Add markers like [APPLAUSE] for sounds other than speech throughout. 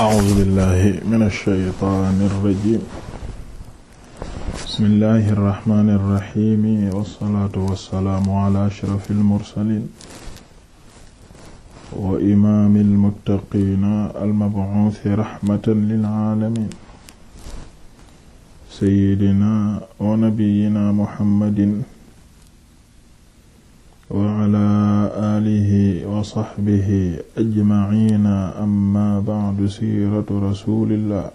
a'uuzu billahi mina shaytaani rajiim bismillahi rahmaani rahiim wassalaatu wassalaamu alaa ashrafil mursaliin wa imaamil muttaqiina al-mab'uusi rahmatan lil aalamiin sayyidinaa wa nabiyyinaa muhammadin wa ala aalihi wa saxbihi ajmaciina amma bacdu siiratu rasulillah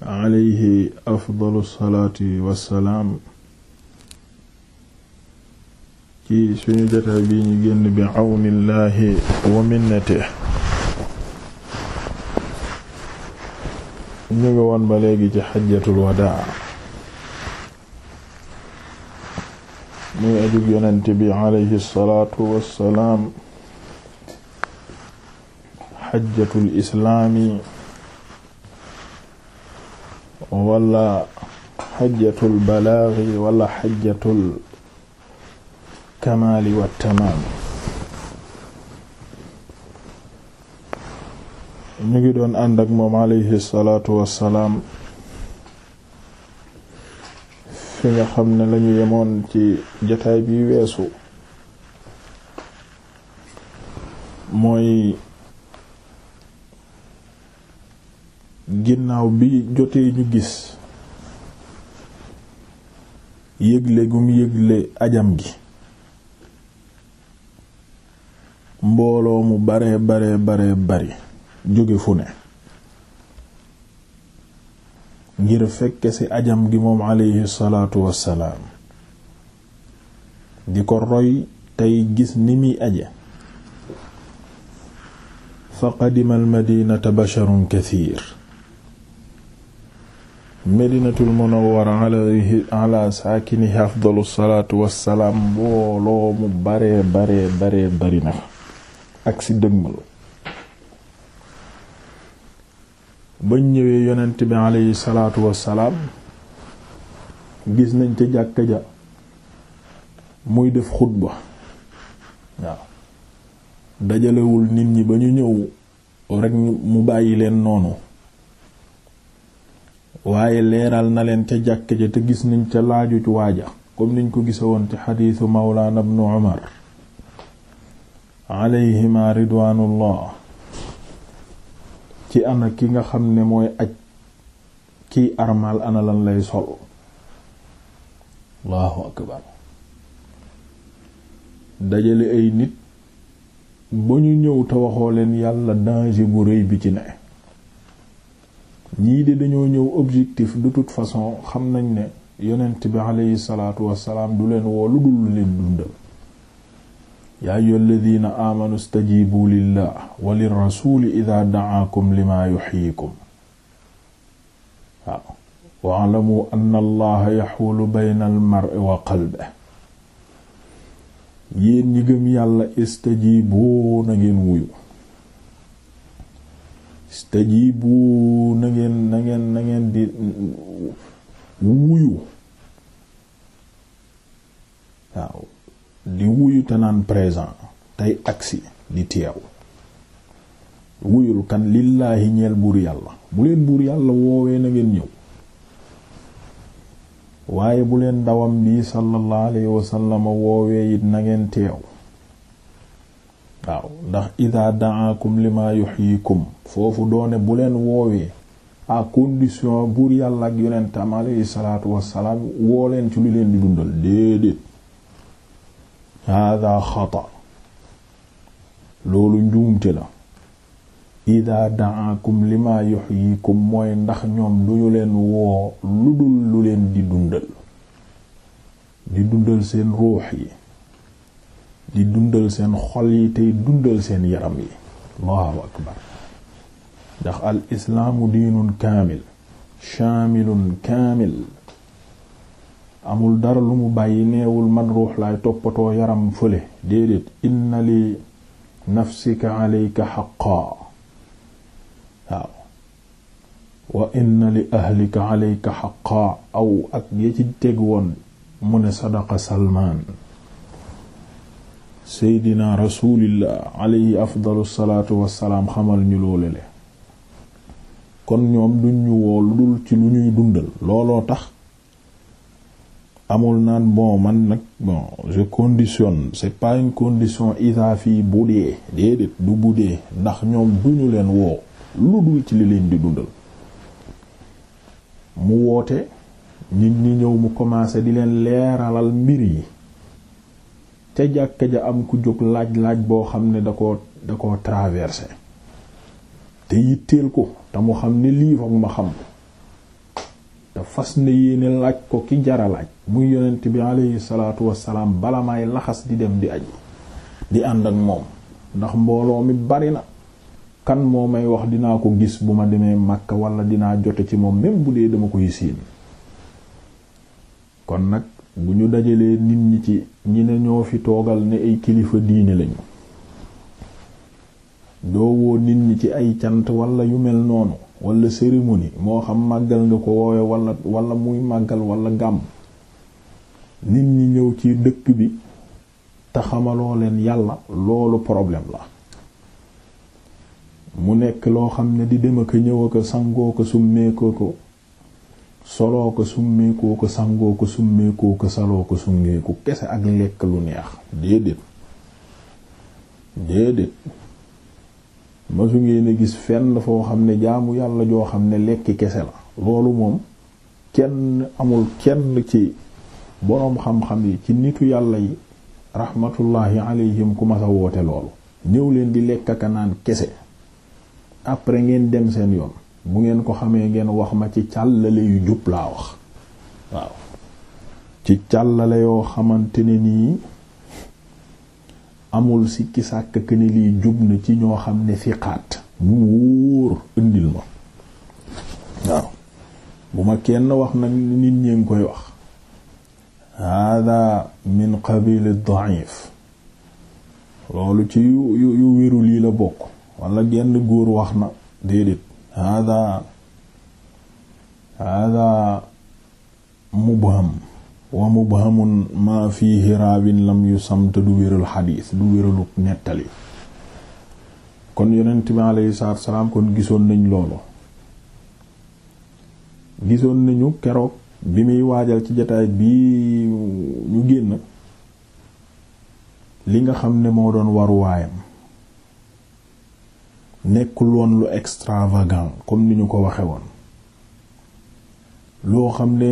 alayhi afdalu salaati wa salaam ci suñu jotaay bi ñu génn bi awnillahi wa minnatihi ñu ngi woon ba léegi ci xajjatul wadaa muy ajug yonent bi alayhi salaatu wassalaam xajjatul islaami wala xajjatul balaagi wala xajjatul kamaali wa tamaam ñu ngi doon ànd ak moom alayhi salaatu wassalaam fi nga xam ne lañu yemoon ci jotaay bi weesu mooy ginnaaw bi jotee ñu gis yëgle gum yëgle ajam gi mbooloo mu bare bare bare bari jóge fu ne ngir fekke ci ajam gi moom aleyhi salaatu wassalaam di ko roy tey gis ni muy aje fa qadima almadinata basharun kathir medinatul munawwara alayhi ala saakinihi afdalu salaatu wassalaam mbooloo mu baree baree baree ak ci dëgmal bañ ñëwee yonent bi aleyhi salaatu wassalaam gis nañ ca jàkka ja muy def xutba waaw dajalewul nit ñi ba ñu ñëw rekk mu bàyyi leen noonu waaye leeral na leen ca jàkka ja te gis nañ ca laaju waaja comme niñ ko gisa woon ci xadiisu mawlaana ibnu umar alayhima ridwaanullah ci ana ki nga xam ne mooy aj kiy armal ana lan lay sol allahu akbar dajale ay nit ba ñu ñëw te waxoo leen yàlla danger bu rëy bi ci ne ñii de dañoo ñëw objectif de toute façon xam nañ ne yonent bi aleyhi salaatu salaam du leen woo lu dul leen dundal yaa ayyuha alladina amanu stajibu lillah wa lirrasuli ida daakum lima yuxyikum waaw waalamu anna allaha yaxulu bayna almari wa qalbe yéen ñi gëm yàlla istajibu na ngeen wuyu istajibu na ngeen na ngeen na ngeen di wuyu waaw di wuyu te naan présent tey agsi di teew wuyul kan lillaahi ñeel buur yàlla bu leen buur yàlla woowee na ñëw waaye bu leen dawam bi sallallahu alayhi wasallam woowee it na ngeen teew waaw ndax ida da'akum lima yuhyikum foofu doone bu leen woowee à condition buur yàlla ak yonentam alayhi salaatu wassalaam woo leen ci lu leen di dundal déedéet hada xata loolu njuumte la ida daakum lima yuxyikum mooy ndax ñoom duñu leen woo lu dul lu leen di dundal di dundal seen ruux yi di dundal seen xol yi tey dundal seen yaram yi allahu akbar ndax al islaamu diinun kaamil shaamilun kaamil amul dara lu mu bàyyi neewul man ruux laay toppatoo yaram fële déedéet inna li nafsika alayka xaqaa waaw wa inna li ahlika alayka xaqaa aw ak ya ci teg woon mu ne sadaqa salmaan seydina rasulillah alayhi afdalu salaatu wassalaam xamal ñu loole le kon ñoom duñ ñu woo lu dul ci lu ñuy dundal looloo tax amul naan bon man nag bon je c'est pas condition isa fii bu dee déedéet du bu dee ndax ñoom ñu leen woo lu dul ci li leen di dundal mu woote nit ñi ñëw mu commencé di leen leeralal mbir yi ca jàkka ja am ku jóg laaj-laaj boo xam ne da ko da ko traversé te yitteel ko te mu xam ne lii foog ma xam te fas na yéene laaj ko ki jara laaj muy yonent bi aleyhi salaatu wassalaam bala may laxas di dem di aj di ànd ak moom ndax mbooloo mi bari na kan moo may wax dinaa ko gis bu ma demee Makka wala dinaa jote ci moom même bu dee dama koy siin kon nag bu ñu dajalee nit ñi ci ñi ne ñoo fi toogal ne ay kilifa diine lañu doowoo nit ñi ci ay cant walla yu mel noonu wala cérémonie moo xam màggal nga ko woowe wala wala muy màggal wala gàmm nit ñi ñëw ci dëkk bi te xamaloo leen yàlla loolu problème la mu nekk loo xam ne di dem ak ñëw sangoo ko summeekoo ko soloo ko summeekoo sangoo ko summeeku ko saloo ko summeeku kese ak lekk lu neex déedéet déedéet masu ngeen a gis fenn foo xam ne jaamu yàlla joo xam ne lekk kese la loolu moom kenn amul kenn ci boroom xam-xam yi ci nitu yàlla yi rahmatullahi alayhim ku ma a woote loolu ñëw leen di lekk ak naan kese après ngeen dem seen yoon bu ngeen ko xamee ngeen wax ma ci càllale yu jub laa wax waaw ci càllale yoo xamante ne nii amul sikki sàkk que ni lii jub na ci ñoo xam ne fiqaat bu wóor indil ma waaw bu ma kenn wax nag nit ñi ngi koy wax hada min qabil daif loolu ci yu yu wéru lii la bokk wala genn góor wax na déedéet hada hada mubham wa mubhamun ma fiihi raawin lam yu samte du wéral xadiis du wéralu nettali kon yonent bi alayhi salaatu salaam kon gisoon nañ loolu gisoon nañu keroog bi muy waajal ci jataay bi ñu génn li nga xam ne moo doon waruwaayam nekkul woon lu extravagant comme ni ñu ko waxe woon loo xam ne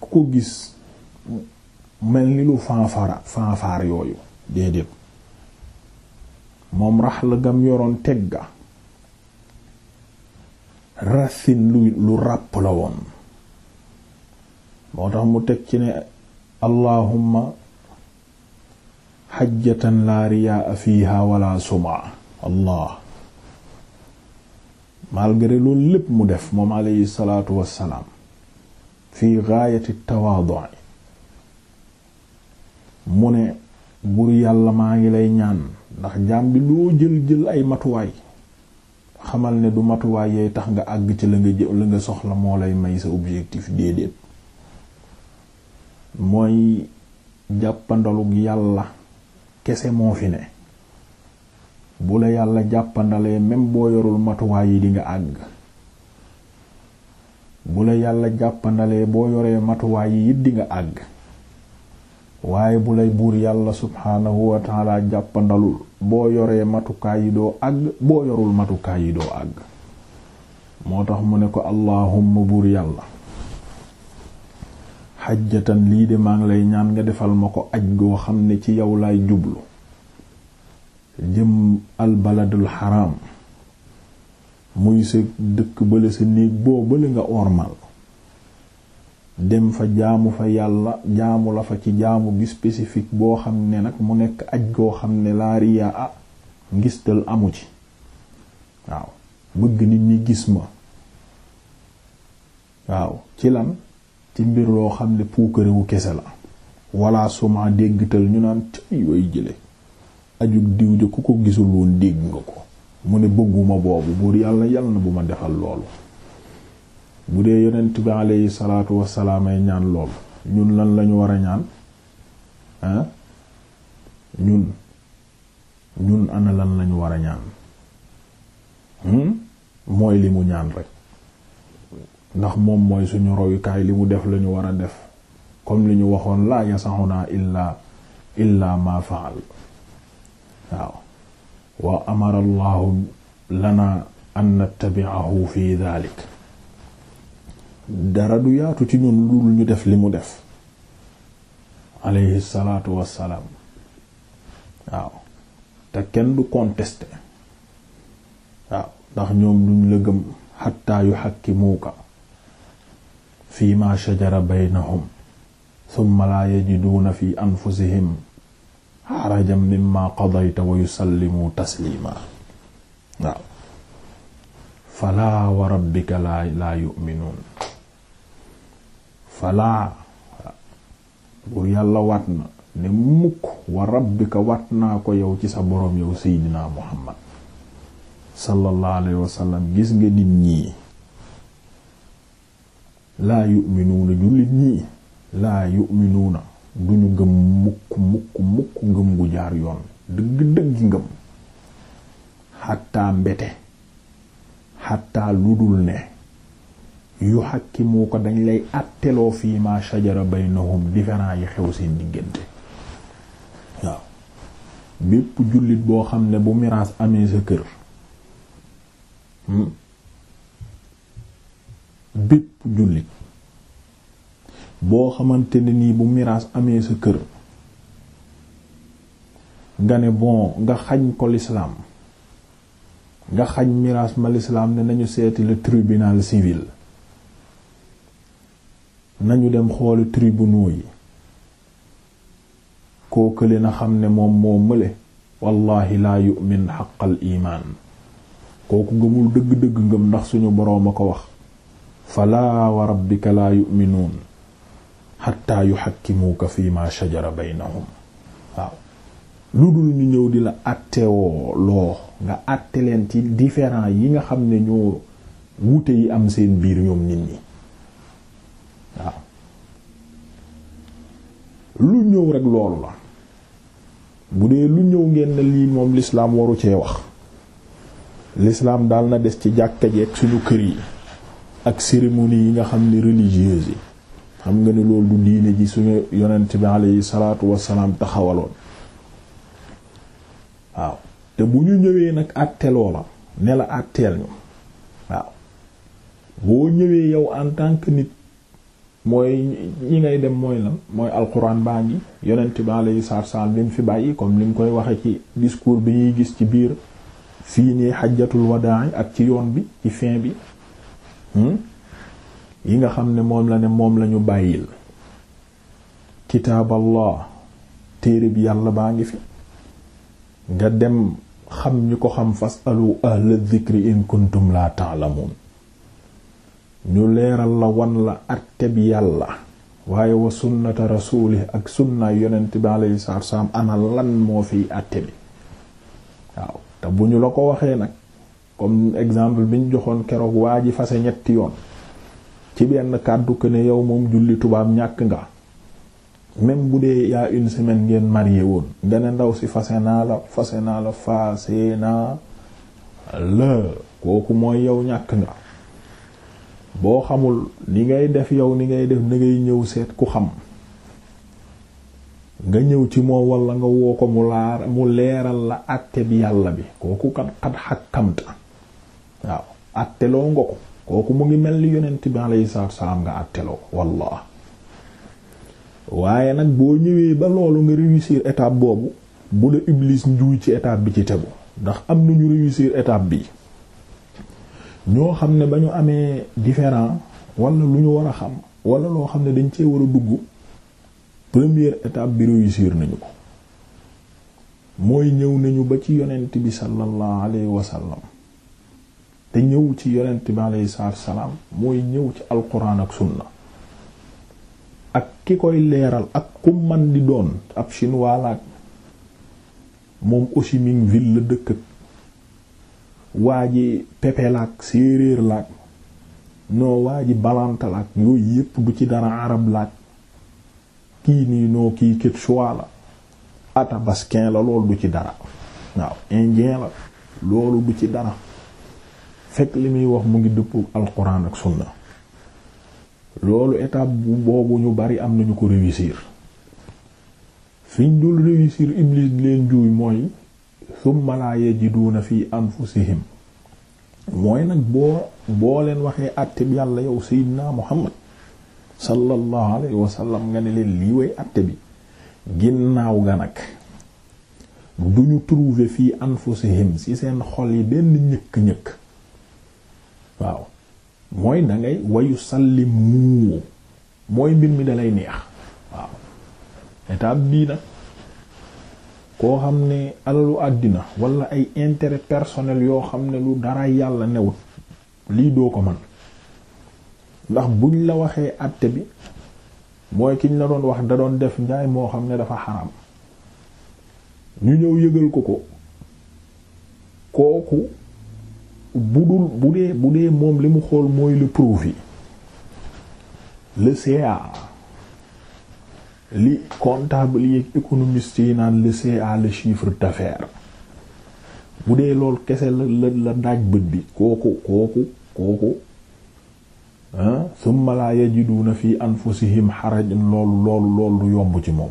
ku ko gis mel ni lu fanfara fanfaar yooyu déedéet moom rax la gam yoroon tegga rasin lu ràpp la woon moo tax mu teg ci ne allahumma xajjatan laa riyaa fiiha wala suma allah malgré loolu lépp mu def moom alayhi salaatu wassalaam fi gaayati tawaadu mu ne buur yàlla maa ngi lay ñaan ndax jaam bi loo jël jël ay matuwaay xamal ne du matuwaay yay tax nga àgg ci la nga soxla moo lay may sa objectif déedéet mooy jàppandalug yàlla kese moo fi ne bu la yàlla jàppandalee même boo yorul matuwaay yi di àgg bu la yàlla jàppandalee boo yoree matuwaay yi it di nga àgg waaye bu lay buur yàlla subhaanahu wa taala jàppandalul boo yoree matukaay yi doo àgg boo yorul matukaay yi doo àgg moo tax mu ne ko allahumma buur yàlla xajjatan lii de maa ngi lay ñaan nga defal ma ko aj goo xam ne ci yow laay jublu jëm albaladul xaraam muy sa dëkk bële sa néeg boo bële nga ormal dem fa jaamu fa yàlla jaamu la fa ci jaamu bi spécifique boo xam ne nag mu nekk aj goo xam ne laa riyaa a ah, ngistal amu ci waaw bëgg nit ñi gis ma waaw ci lan ci mbir loo xam ne puukarewu kese la walla suma déggtal ñu naan tey way jële aju diw ja ku ko gisul dégg nga ko mu ne bëgguma boobu buur yàlla yàlla na bu ma defal loolu bu dee yonent bi aleyhi salaatu wassalaam ay ñaan lool ñun lan lañu war a ñaan ah ñun ñun lañu war a ñaan hmm? mooy li mu ñaan rek ndax moom mooy suñu royukaay li mu def lañu war a def comme li ñu waxoon laa yasaxunaa illaa illaa ma faal waaw wa amara lana an nattabi'ahu fi dhalik dara du yaatu ci ñun lu ñu def li mu def aleyhi salaatu wassalaam waaw te kenn du contesté waaw ndax ñoom duñ la gëm xatta yuhakkimuuka fii ma shajara baynahum thumma laa yajiduuna fi anfusihim harajan mimma qadayta wa yusallimuu taslima waaw falaa wa rabbika laa laa yu'minuun falaa buur yàlla waat na ne mukk wa rabbika waat naa ko yow ci sa boroom yow seydinaa muhammad sallallahu alayhi wasallam gis nga nit ñii laa yu'minuuna jullit ñii laa yu'minuuna duñu gëm mukk mukk mukk ngëm gu jaar yoon dëgg dëgg ngëm xattaa mbete xattaa lu dul ne yu xakkimu ko dañ lay atteloo fii ma shajara baynahum différent yi xew seen diggante waaw bépp jullit boo xam ne bu miraas amee sa kër hmm? bépp boo xamante ne nii bu miraas amee sa kër nga ne bon nga xañ ko l'islam nga xañ miraas ma l'islam ne nañu seeti le tribunal civil nañu dem xooli tribunaux yi kookële na xam ne moom moo mële wallahi laa yu'min xaqal imaan kooku ngëmul dëgg-dëgg ngëm ndax suñu boroom a ko wax falaa wa rabbika laa yu'minuun yu yuxakkimuuka fi ma shajara baynahum waaw lu dul ñu ñëw di la àttewoo loo nga àtte leen ci différent yi nga xam ne ñoo wuute yi am seen biir ñoom nit ñi waaw lu ñëw rek loolu la bu dee lu ñëw ngeen ne lii moom lislaam waru cee wax lislaam daal na des ci jàkka ji ak suñu kër yi ak cérémonie yi nga xam ni religieuse yi xam nga ne loolu du diine ji suñu yonent bi alayhi salaatu wassalaam taxawaloon waaw te bu ñu ñëwee nag àtte la ne la àtteel ñu waaw boo ñëwee yow en tant nit mooy ñi ngay dem mooy lan mooy alquran baa ngi yonent bi alayhi salaatu salaam li mu fi bàyyi comme li mu koy waxee ci discours bi ñuy gis ci biir fii nii xajjatul wadaa ak ci yoon bi ci fin bi hmm? yi nga xam ne moom la ne moom lañu bàyyil kitaaballah téere bi yàlla baa ngi fi nga dem xam ñu ko xam fas alu ahla dhikri in kuntum la ta'lamun ñu leeral la wan la àtteeb yàlla waaye wa sunnata rasuuli ak sunnaay yonent bi alayhi salaatu wassalaam ana lan moo fiy àtte bi waaw te bu ñu la ko waxee nag comme exemple biñ joxoon keroog waa ji fase ñetti yoon ci benn kàddu ko ne yow moom julli tubaab ñàkk nga même bu dee yaa une semaine ngeen marie woon nga ne ndaw si fase naa la fase naa la kooku mooy yow ñàkk nga boo xamul ni ngay def yow ni ngay def na ngay ñëw seet ku xam nga ñëw ci moom wala nga woo ko mu laar mu leeral la àtte bi yàlla bi kooku kat xat xakkamta waaw àtteloo nga ko kooku mu ngi mel ni yonent bi alayhi salaatu salaam nga àtteloo wallah waaye nag boo ñëwee ba loolu nga réussir étape boobu bu la iblis njuuy ci étape bi ci tegu ndax am ñu réussir étape bi ñoo xam ne ba ñu amee différent walla lu ñu war a xam wala loo xam ne dañ cee war a dugg première étape bi réussir nañu ko mooy ñëw nañu ba ci yonent bi sallallahu alayhi wa sallam te ñëw ci yonent bi alayhi salaam mooy ñëw ci alquran ak sunna ak ki koy leeral ak ku man di doon ab chinois moom Ho Chi Ville la dëkk waa ji pepe laak séeréer laak noo waa ji balanta laak yooyu yépp du ci dara arab laak kii nii noo kii quechua la atabaskin la loolu du ci dara waaw indien la loolu du ci dara fekk li muy wax mu ngi dëppoo alquran ak sunna loolu étape boobu ñu bari am nañu ko réussir fiñ dul réussir iblis leen juuy mooy summa laa yajiduuna fi anfusihim mooy nag boo boo leen waxee àtte bi yàlla yow sayyidina Muhammad sallallahu alayhi wa sallam nga ne leen lii way àtte bi ginnaaw ga nag du ñu trouver fii anfusihim ci seen xol yi benn ñëkk-ñëkk waaw mooy da ngay wayu sallimu mooy mbir mi dalay neex waaw étape bii nag koo xam ne alalu àddina wala ay intérêt personnel yoo xam ne lu dara yàlla newut lii doo ko man ndax buñ la waxee àtte bi mooy kiñ la doon wax da doon def njaay moo xam ne dafa xaram ñu ñëw yëgal ko ko kooku bu dul bu dee bu dee moom li mu xool mooy le profit le CA li comptable yi économiste yi naan le CA le chiffre d'affaires bu dee lool kese la la la daaj bët bi kooku kooku kooku ah summa la yajiduna fi anfusihim harajan loolu loolu loolu yomb ci moom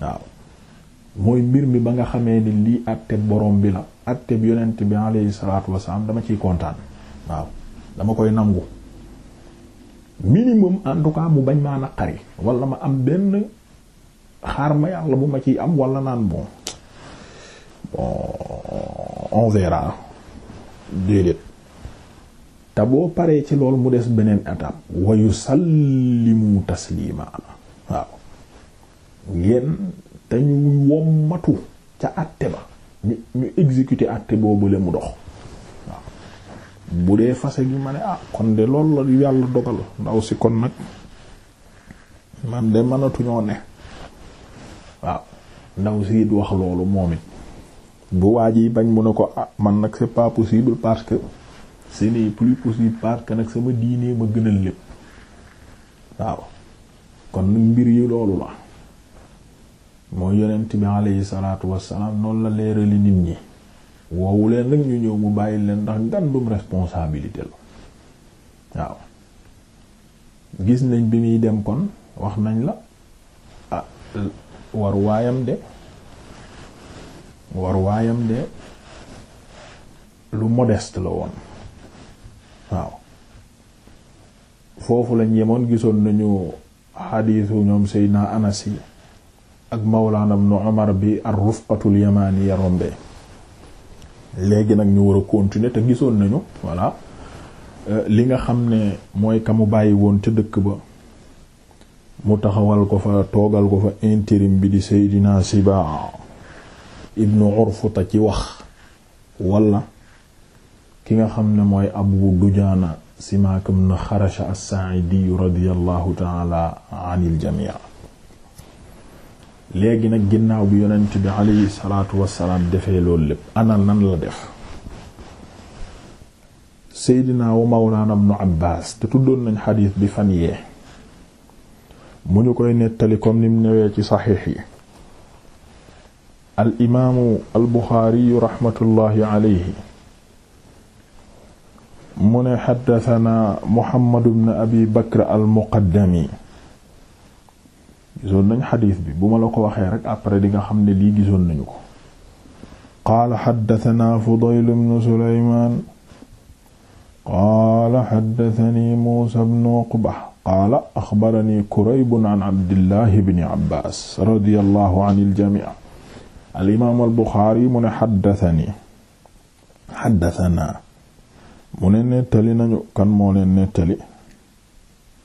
waaw mooy mbir mi ba nga xamee ni lii àtteb borom bi la àtteb yonent bi alayhi salaatu wasalaam dama ciy kontaan waaw dama koy nangu minimum en tout cas mu bañ maa naqari wala ma am benn xaar ma yàlla bu ma ciy am wala naan bon bon on déedéet te boo paree ci lool mu des beneen atam wa yusallimu taslima waaw ngeen te ñu wommatu ca àtte ba ñu ñu exécuter àtte boobule mu dox bu dee fase gi ma ne ah kon de loolu la yàlla dogal ndaw si kon nag man de mënatuñoo ne waaw ndaw si it wax loolu moom it bu waaj yi bañ mu ne ko ah man nag c'est pas possible parce que ce plus possible parce nag sama diine ma gënal lépp waaw kon mbir yi loolu la mooy yonent bi alayhi salaatu wassalaam noonu la leerali nit ñi woowu leen ñu ñëw mu bàyyi leen ndax ngandum responsabilité la waaw gis nañ bi muy dem kon wax nañ la ah war waayam de war waayam de lu modeste la woon waaw foofu lañ yemoon gisoon nañu xadiisu ñoom Seydina Anas yi ak mawlaanam nu Umar bi ar yamaani yamaniya rombe léegi nag ñu war a continuer te gisoon nañu voilà euh, li nga xam ne mooy ka mu bàyyi woon ca dëkk ba mu taxawal ko fa toogal ko fa intérim bi di Seydina Siba ibnu Urfuta ci wax wala ki nga xam ne mooy Abu Dujaana Simaak ibn Xarasha as-Sa'idi radiyallahu ta'ala anil jami' léegi nag ginnaaw bi yonent bi alayhi salaatu wassalaam defee loolu lépp anaan nan la def seydinaa wa mawlaana ibnu abbaas te tuddoon nañ xadiis bi fan yee mu ñu koy nettali comme nim ñëwee ci saxiix yi al imaamu al buxaariyu raxmatullaahi alayhi mu ne xaddatanaa muhammadu bnu abi bakr al gisoon nañ xadiis bi bu ma la ko waxee rek après di nga xam ne lii gisoon nañu ko qaala xaddatana Fudayl bnu Sulaymaan qaala xaddatani Muusaa bnu Uqba qaala axbarani Kurayb an Abdillahi bni Abbaas radiyallahu anil jamii' al imaam al Buxaari mu ne xaddatani mu ne nettali nañu kan moo leen nettali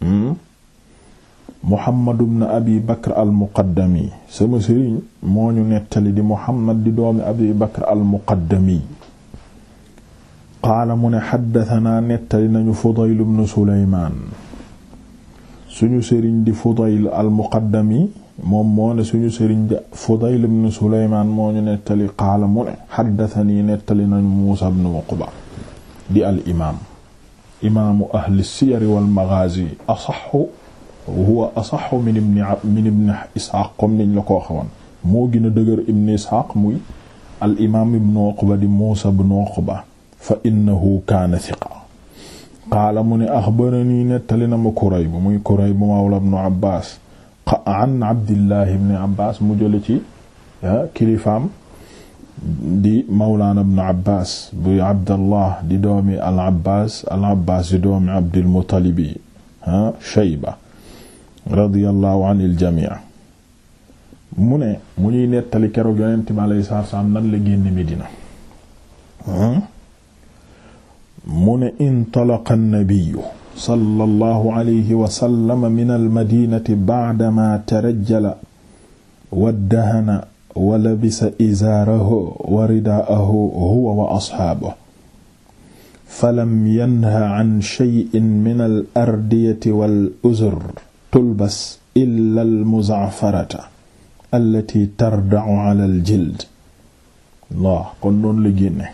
hmm? Muhammad ibn Abi Bakr al-Muqaddami sama sëriñ moo ñu nettali di Muhammad di doomi Abi Bakr al-Muqaddami qaala mu ne xaddatanaa nettali nañu Fudayl ibn Sulaymaan suñu sëriñ di Fudayl al-Muqaddami moom moo ne suñu sëriñ di Fudayl ibn Sulaymaan moo ñu nettali qaala mu ne xaddatanii nettali nañu Muusaa ibn Uqba di al imaam imaamu ahli siyar wal maghaazi asaxu huwa asaxu min ibni min ibni isxaq comme niñ la ko waxoon moo gën a dëgër ibni isxaq muy al imaam ibnu uqba di muusa ibnu uqba fa innahu kaana thiqa qaala mu ne axbarani nettali na ma kurayb muy kurayb mawla ibnu abbaas an abdillahi ibni abbaas mu jële ci kilifaam di mawlaana ibnu abbaas bu abdallah di doomi al abbaas al abbaas di doomi abdil muttalibi shayba radiyallahu anil jamii mu ne mu ñuy nettali keroog yonent bi alayhi salaatu salaam nan la génn Medina hmm? mu ne intalaqa an-nabiyyu sallallahu alayhi wa sallam min al-madinati ba'dama tarajjala waddahana wa labisa izaarahu wa ridaa'ahu huwa wa ashaabuhu falam yanha an shay'in min al-ardiyati wal uzr tulbas illa al muzaafarata allati tarda'u ala kon doon la génne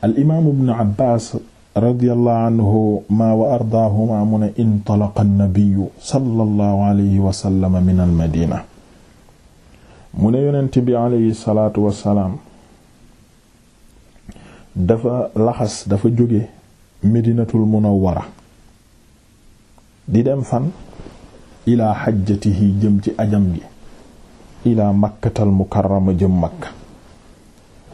al imaam abbaas radiyallahu anhuma wa ardaahuma mu ne intalaqa annabiyu sallallahu alayhi wa mu ne yonent bi alayhi salaatu wassalaam dafa laxas dafa jóge medinatul munawwara di dem fan ilaa xajjatihi jëm ci ajam gi ilaa makkatal mukarrama jëm makka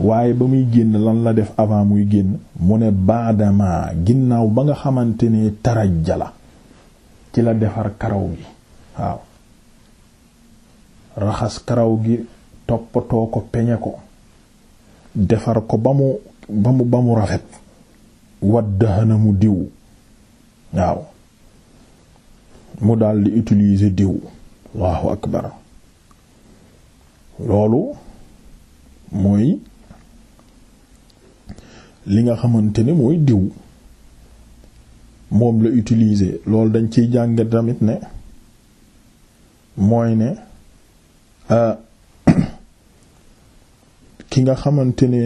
waaye ba muy génn lan la def avant muy génn mu ne baadama ginnaaw ba nga xamante ne jala ci la defar karaw gi waaw raxas karaw gi toppatoo ko peñe ko defar ko ba mu ba mu rafet waddahana mu diw waaw mu daldi utiliser diw waaw ak akbar loolu mooy li nga xamante ne mooy diw moom la utiliser loolu dañ ciy jàng tamit ne mooy ne euh, [COUGHS] ki nga xamante ne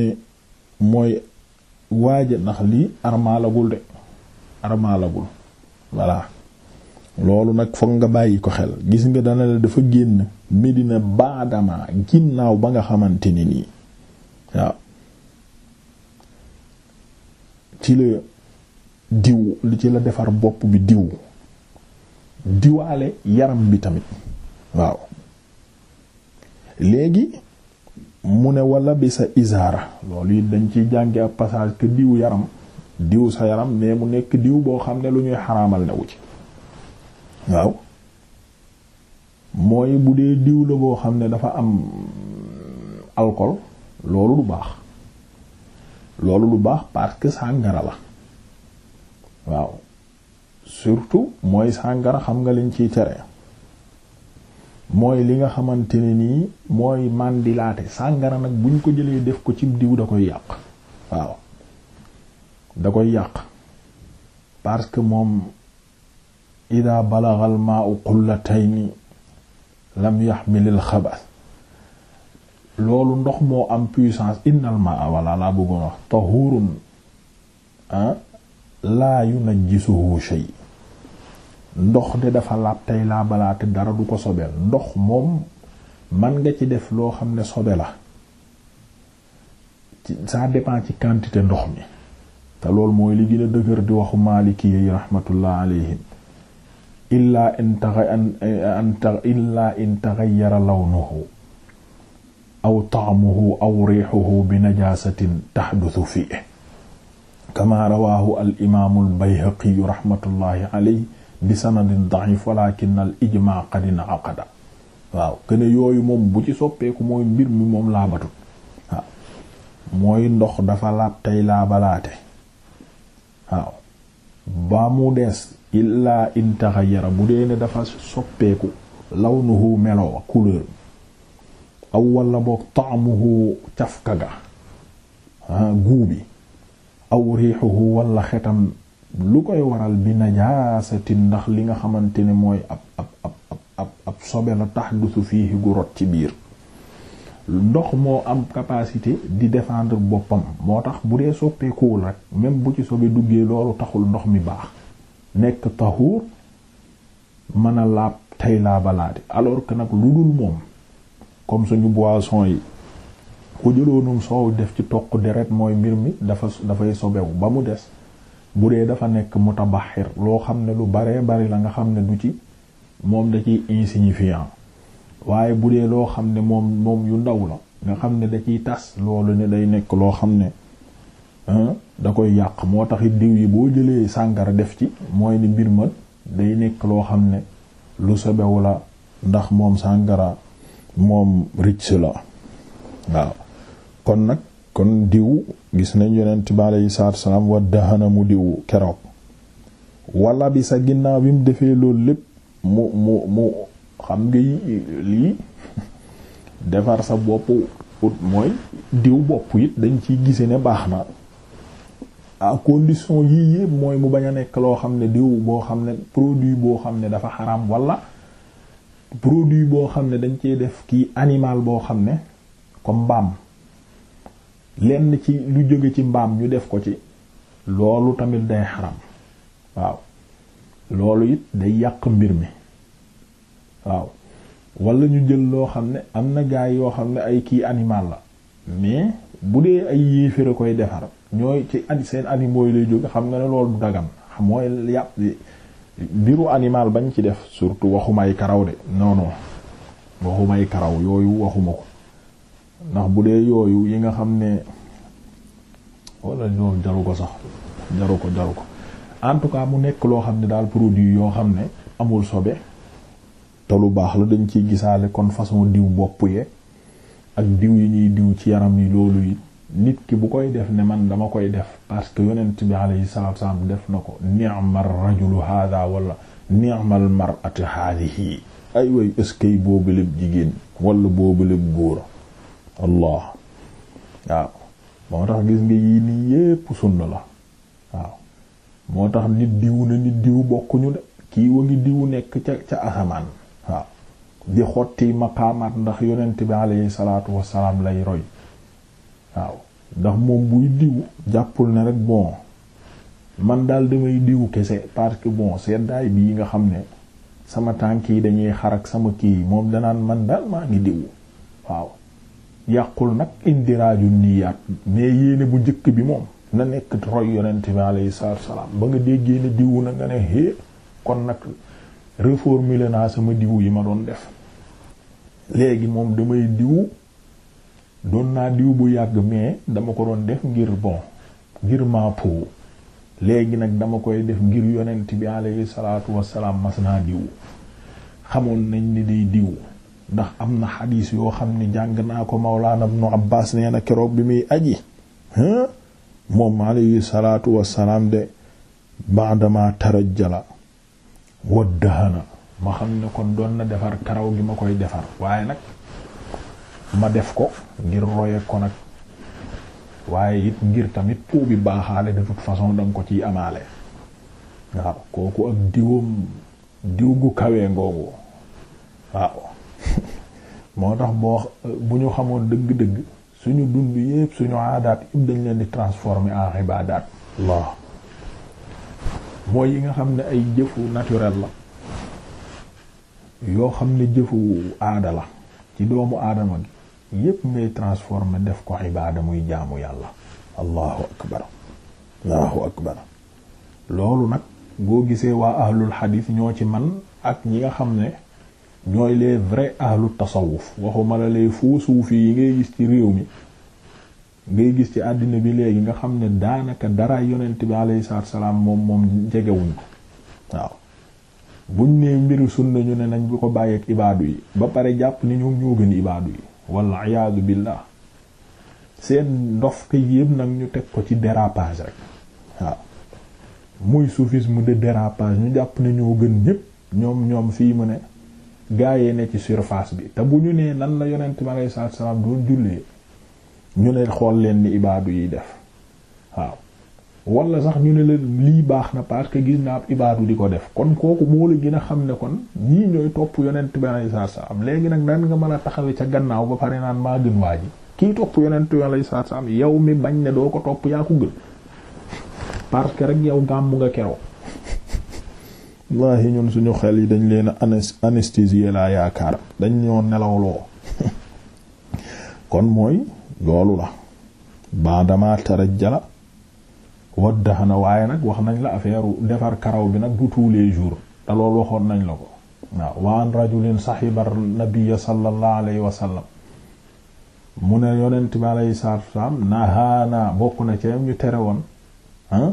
mooy waaja ndax li armaalagul de armaalagul voilà loolu nag fokk nga bàyyi ko xel gis nga dana la dafa génn Medina baadama ginnaaw ba nga xamante ne nii waaw ci la diw li ci la defar bopp bi diw diwaale yaram bi tamit waaw léegi mu ne walla bi sa isaara loolu it dañ ciy jànge ab passage que diw yaram diw sa yaram mais mu nekk diw boo xam ne lu ñuy xaraamal newu ci waaw mooy bu dee diw la boo xam ne dafa am alcole loolu du baax loolu du baax parce que sàngara la waaw surtout mooy sàngara xam nga liñ ciy tere mooy li nga xamante ne nii mooy màndilaate sàngara nag buñ ko jëlee def ko ci diw da koy yàq waaw da koy yàq parce que moom ida balagal maau qullatayni lam yaxmilil xabas loolu ndox moo am puissance innal maa walla laa bëggoon wax tahurun ah, laa yunajjisuhu shay ndox de dafa laab tey laa balaate dara du ko sobeel ndox moom man nga ci def loo xam ne sobe la ci ça dépend ci quantité ndox mi te loolu mooy li gën a dëgër di waxu maaliki yi rahmatullah illaa in taxa illaa in taxayyara lawnuhu aw taamuhu aw riixuhu bi najaasatin taxdusu fiihi kamaa rawaahu al imaamu al bayhaqi raxmatullaahi alayhi bi sanadin da'if walaakin al ijmaa qad inaqada waaw kene yooyu moom bu ci soppeeku mooy mbir mi moom laabatut waaw mooy ndox dafa laab tey laabalaate waaw ba mu des illaa in taxayyara bu dee ne dafa soppeeku lawnuhu meloo couleur aw wala boog taamuhu cafka ga guubi aw riixuhu wala xetam lu koy waral bi najaasatin ndax li nga xamante ne mooy ab ab ab ab ab sobe la tahdusu fiihi gu rot ci biir ndox moo am capacité di défendre boppam moo tax bu dee soppeekuwul rek même bu ci sobe duggee loolu taxul ndox mi baax nekk taxuur mën a laab tey laabalaate alors que nag lu dul moom comme suñu boisson yi ku jëloonum soow def ci toq deret mooy mbir mi dafa dafay sobewu ba mu des bu dee dafa nekk mutabaxir loo xam ne lu baree bari la nga xam ne du ci moom da ciy insignifiant waaye bu dee loo xam ne moom moom yu ndaw la nga xam ne da ciy tas loolu ne day nekk loo xam ne da koy yàq moo tax it diw yi boo jëlee sàngara def ci mooy ni mbir ma day nekk loo xam ne lu sebewu la ndax moom sàngara moom ricc la waaw kon nag kon diw gis nañ yonent bi aleyhi salaatu salaam wa dahana mu diw keroog wala bi sa ginnaaw bi mu defee loolu lépp mu mu mu xam nga lii [LAUGHS] defar sa bopp ut mooy diw bopp it dañ ciy gise ne baax na à condition yii yépp mooy mu bañ a nekk loo xam ne diw boo xam ne produit boo xam ne dafa xaram wala produit boo xam ne dañ cee def kii animal boo xam ne comme mbaam lenn ci lu jóge ci mbaam ñu def ko ci loolu tamit day xaram waaw loolu it day yàq mbir mi waaw walla ñu jël loo xam ne am na gaay yoo xam ne ay kii animal la mais bu dee ay yéeféer a koy defar ñooy ci seen animaux yi lay jóge xam nga ne loolu du dagan mooy yàpp biru animal bañ ci def surtout waxumay karaw de non non waxumay karaw yooyu waxuma ko ndax bu dee yooyu yi nga xam ne wala ñoom jaru ko sax jaru ko jaru ko en tout cas mu nekk loo xam ne daal produit yoo xam ne amul sobe te lu baax la dañ ciy gisaale kon façon diw bopp yeeg ak diw yi ñuy diw ci yaram yi loolu yi nit ki bu koy def ne man dama koy def parce que yonent bi alayhi salatu wassalam def na ko ni'mar rajulu hada wala ni'mal mar'atu hadihi ay way ëskay boobaleb jigéen wala boobaleb góor allah waaw moo tax gis nga yii nii yépp sunna la waaw moo tax nit diw na nit diw bokkuñu de kii ngi diw nekk ca ca asamaan waaw di xotti maqaamaat ndax yonent bi alayhi salaatu wassalaam lay roy waaw ndax moom buy diw jàppul na rek bon man daal damay diw kese parce que bon seddaay bii nga xam ne sama tànk yi dañuy xarak sama kii moom danaan man daal maa ngi diw waaw yàqul nag indiraaju niyaat mais yéene bu njëkk bi moom na nekk roy yonent bi alayhi salaatu wassalaam ba nga déggee ne diw na nga ne hé kon nag reformuler naa sama diw yi ma doon def léegi moom damay diw doon naa diw bu yàgg mais dama ko doon def ngir bon ngir maapo léegi nag dama koy def ngir yonent bi alayhi salaatu wassalaam mas naa diw xamoon nañ ni day diw ndax am na xadiis yoo xam ne jàng naa ko Mawlaana Ibnu Abbaas nee na keroog bi muy aji moom alayhi salaatu wassalaam de ba'dama tarajjala waddahana ma xam ne kon doon na defar karaw gi ma koy defar waaye nag ma def ko ngir roye ko nag waaye it ngir tamit pou bi baaxaale de toute façon danga ko ciy amaale waaw kooku ak diwum diw gu kawee ngoogu waaw [LAUGHS] moo tax boo bu ñu xamoon dëgg-dëgg suñu dund yépp suñu aadaat yépp dañ leen di transformer en ibaadaat waaw mooy yi nga xam ne ay jëfu naturel la yoo xam ne jëfu aada la ci doomu aadama gi yépp ngay transformer def ko ibaada muy jaamu yàlla allahu akbar loolu nag boo gisee waa ahlul xadiis ñoo ci man ak ñi nga xam ne ñooy les vrais ahlu tasawuf waxuma la les faux suufi yi ngay gis ci réew mi ngay gis ci àddina bi léegi nga xam ne daanaka dara yonent bi alayhi salaam moom moom jegewuñ ko waaw buñ nee mbiru sunna ñu ne nañ bu ko bàyyeeg ibaadu yi ba pare jàpp ni ñoom ñoo gën ibaadu yi walla iyaadu billah seen ndof ko yépp nag ñu teg ko ci dérapage rek waaw muy soufisme de dérapage ñu jàpp ne ñoo gën ñépp ñoom ñoom fii mu ne gaayee ne ci surface bi te bu ñu nee nan la yonent bi alayhi salaatu wa salaam doon jullee ñu ne xool leen ni ibaadu yi def waaw wala sax ñu ne lii baax na parce que gis naa ab ibaadu di ko def kon kooku moo la gën a xam ne kon ñii ñooy topp yonent bi sax salaam léegi nag nan nga mën a taxawee ca gannaaw ba pare naan maa gën waa ji kii topp yonent bi alayhi yow mi bañ ne doo ko topp yaa ko gën parce que rek yow gàmm nga keroo wallahi ñun suñu xel yi dañ leen anesthésier laa yaakaar dañ ñoo nelawloo [LAUGHS] kon mooy loolu la baadama jala waddahana waaye nag wax nañ la affaire defar karaw bi nag du tous les jours te loolu waxoon nañ la ko waaw wa an rajulin saxibar nabiyya sallallahu alayhi wa sallam mu ne yonent bi alayhi salaatu wasalaam nahaana bokk na ci ñu tere woon ah,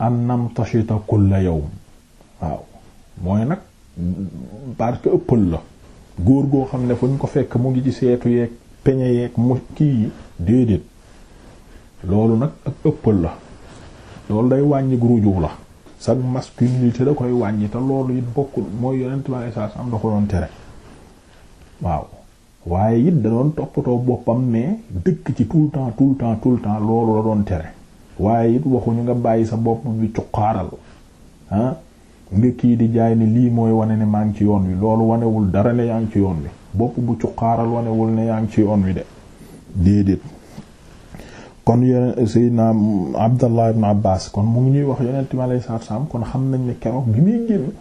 an namtashita kulla yow waaw mooy nag parce que ëppal la góor goo xam ne fu ñu ko fekk mu ngi ci seetu yeeg peñe yeeg mu kii yi déedéet loolu nag ak ëppal la loolu day wàññi ruju la maskin sa masculinité da koy wàññi te loolu it bokk mooy yonent ba saa am da ko doon tere waaw waaye it da doon toppatoo boppam mais dëkk ci tout le temps tout le temps tout le temps loolu la doon tere waaye it waxuñu nga bàyyi sa bopp bi cuqaaral ah nga kii di jaay ni lii mooy wane ne maa ngi ci yoon wi loolu wanewul dara ne yaa ngi ci yoon wi bopp bu cuqaaral wanewul ne yaa ngi ci yoon wi de déedéet. kon yeneen Seydina Abdallah ibn Abbas kon mu ngi ñuy wax yonent mi alayhi salaatu salaam kon xam nañ ne keroog bi muy génn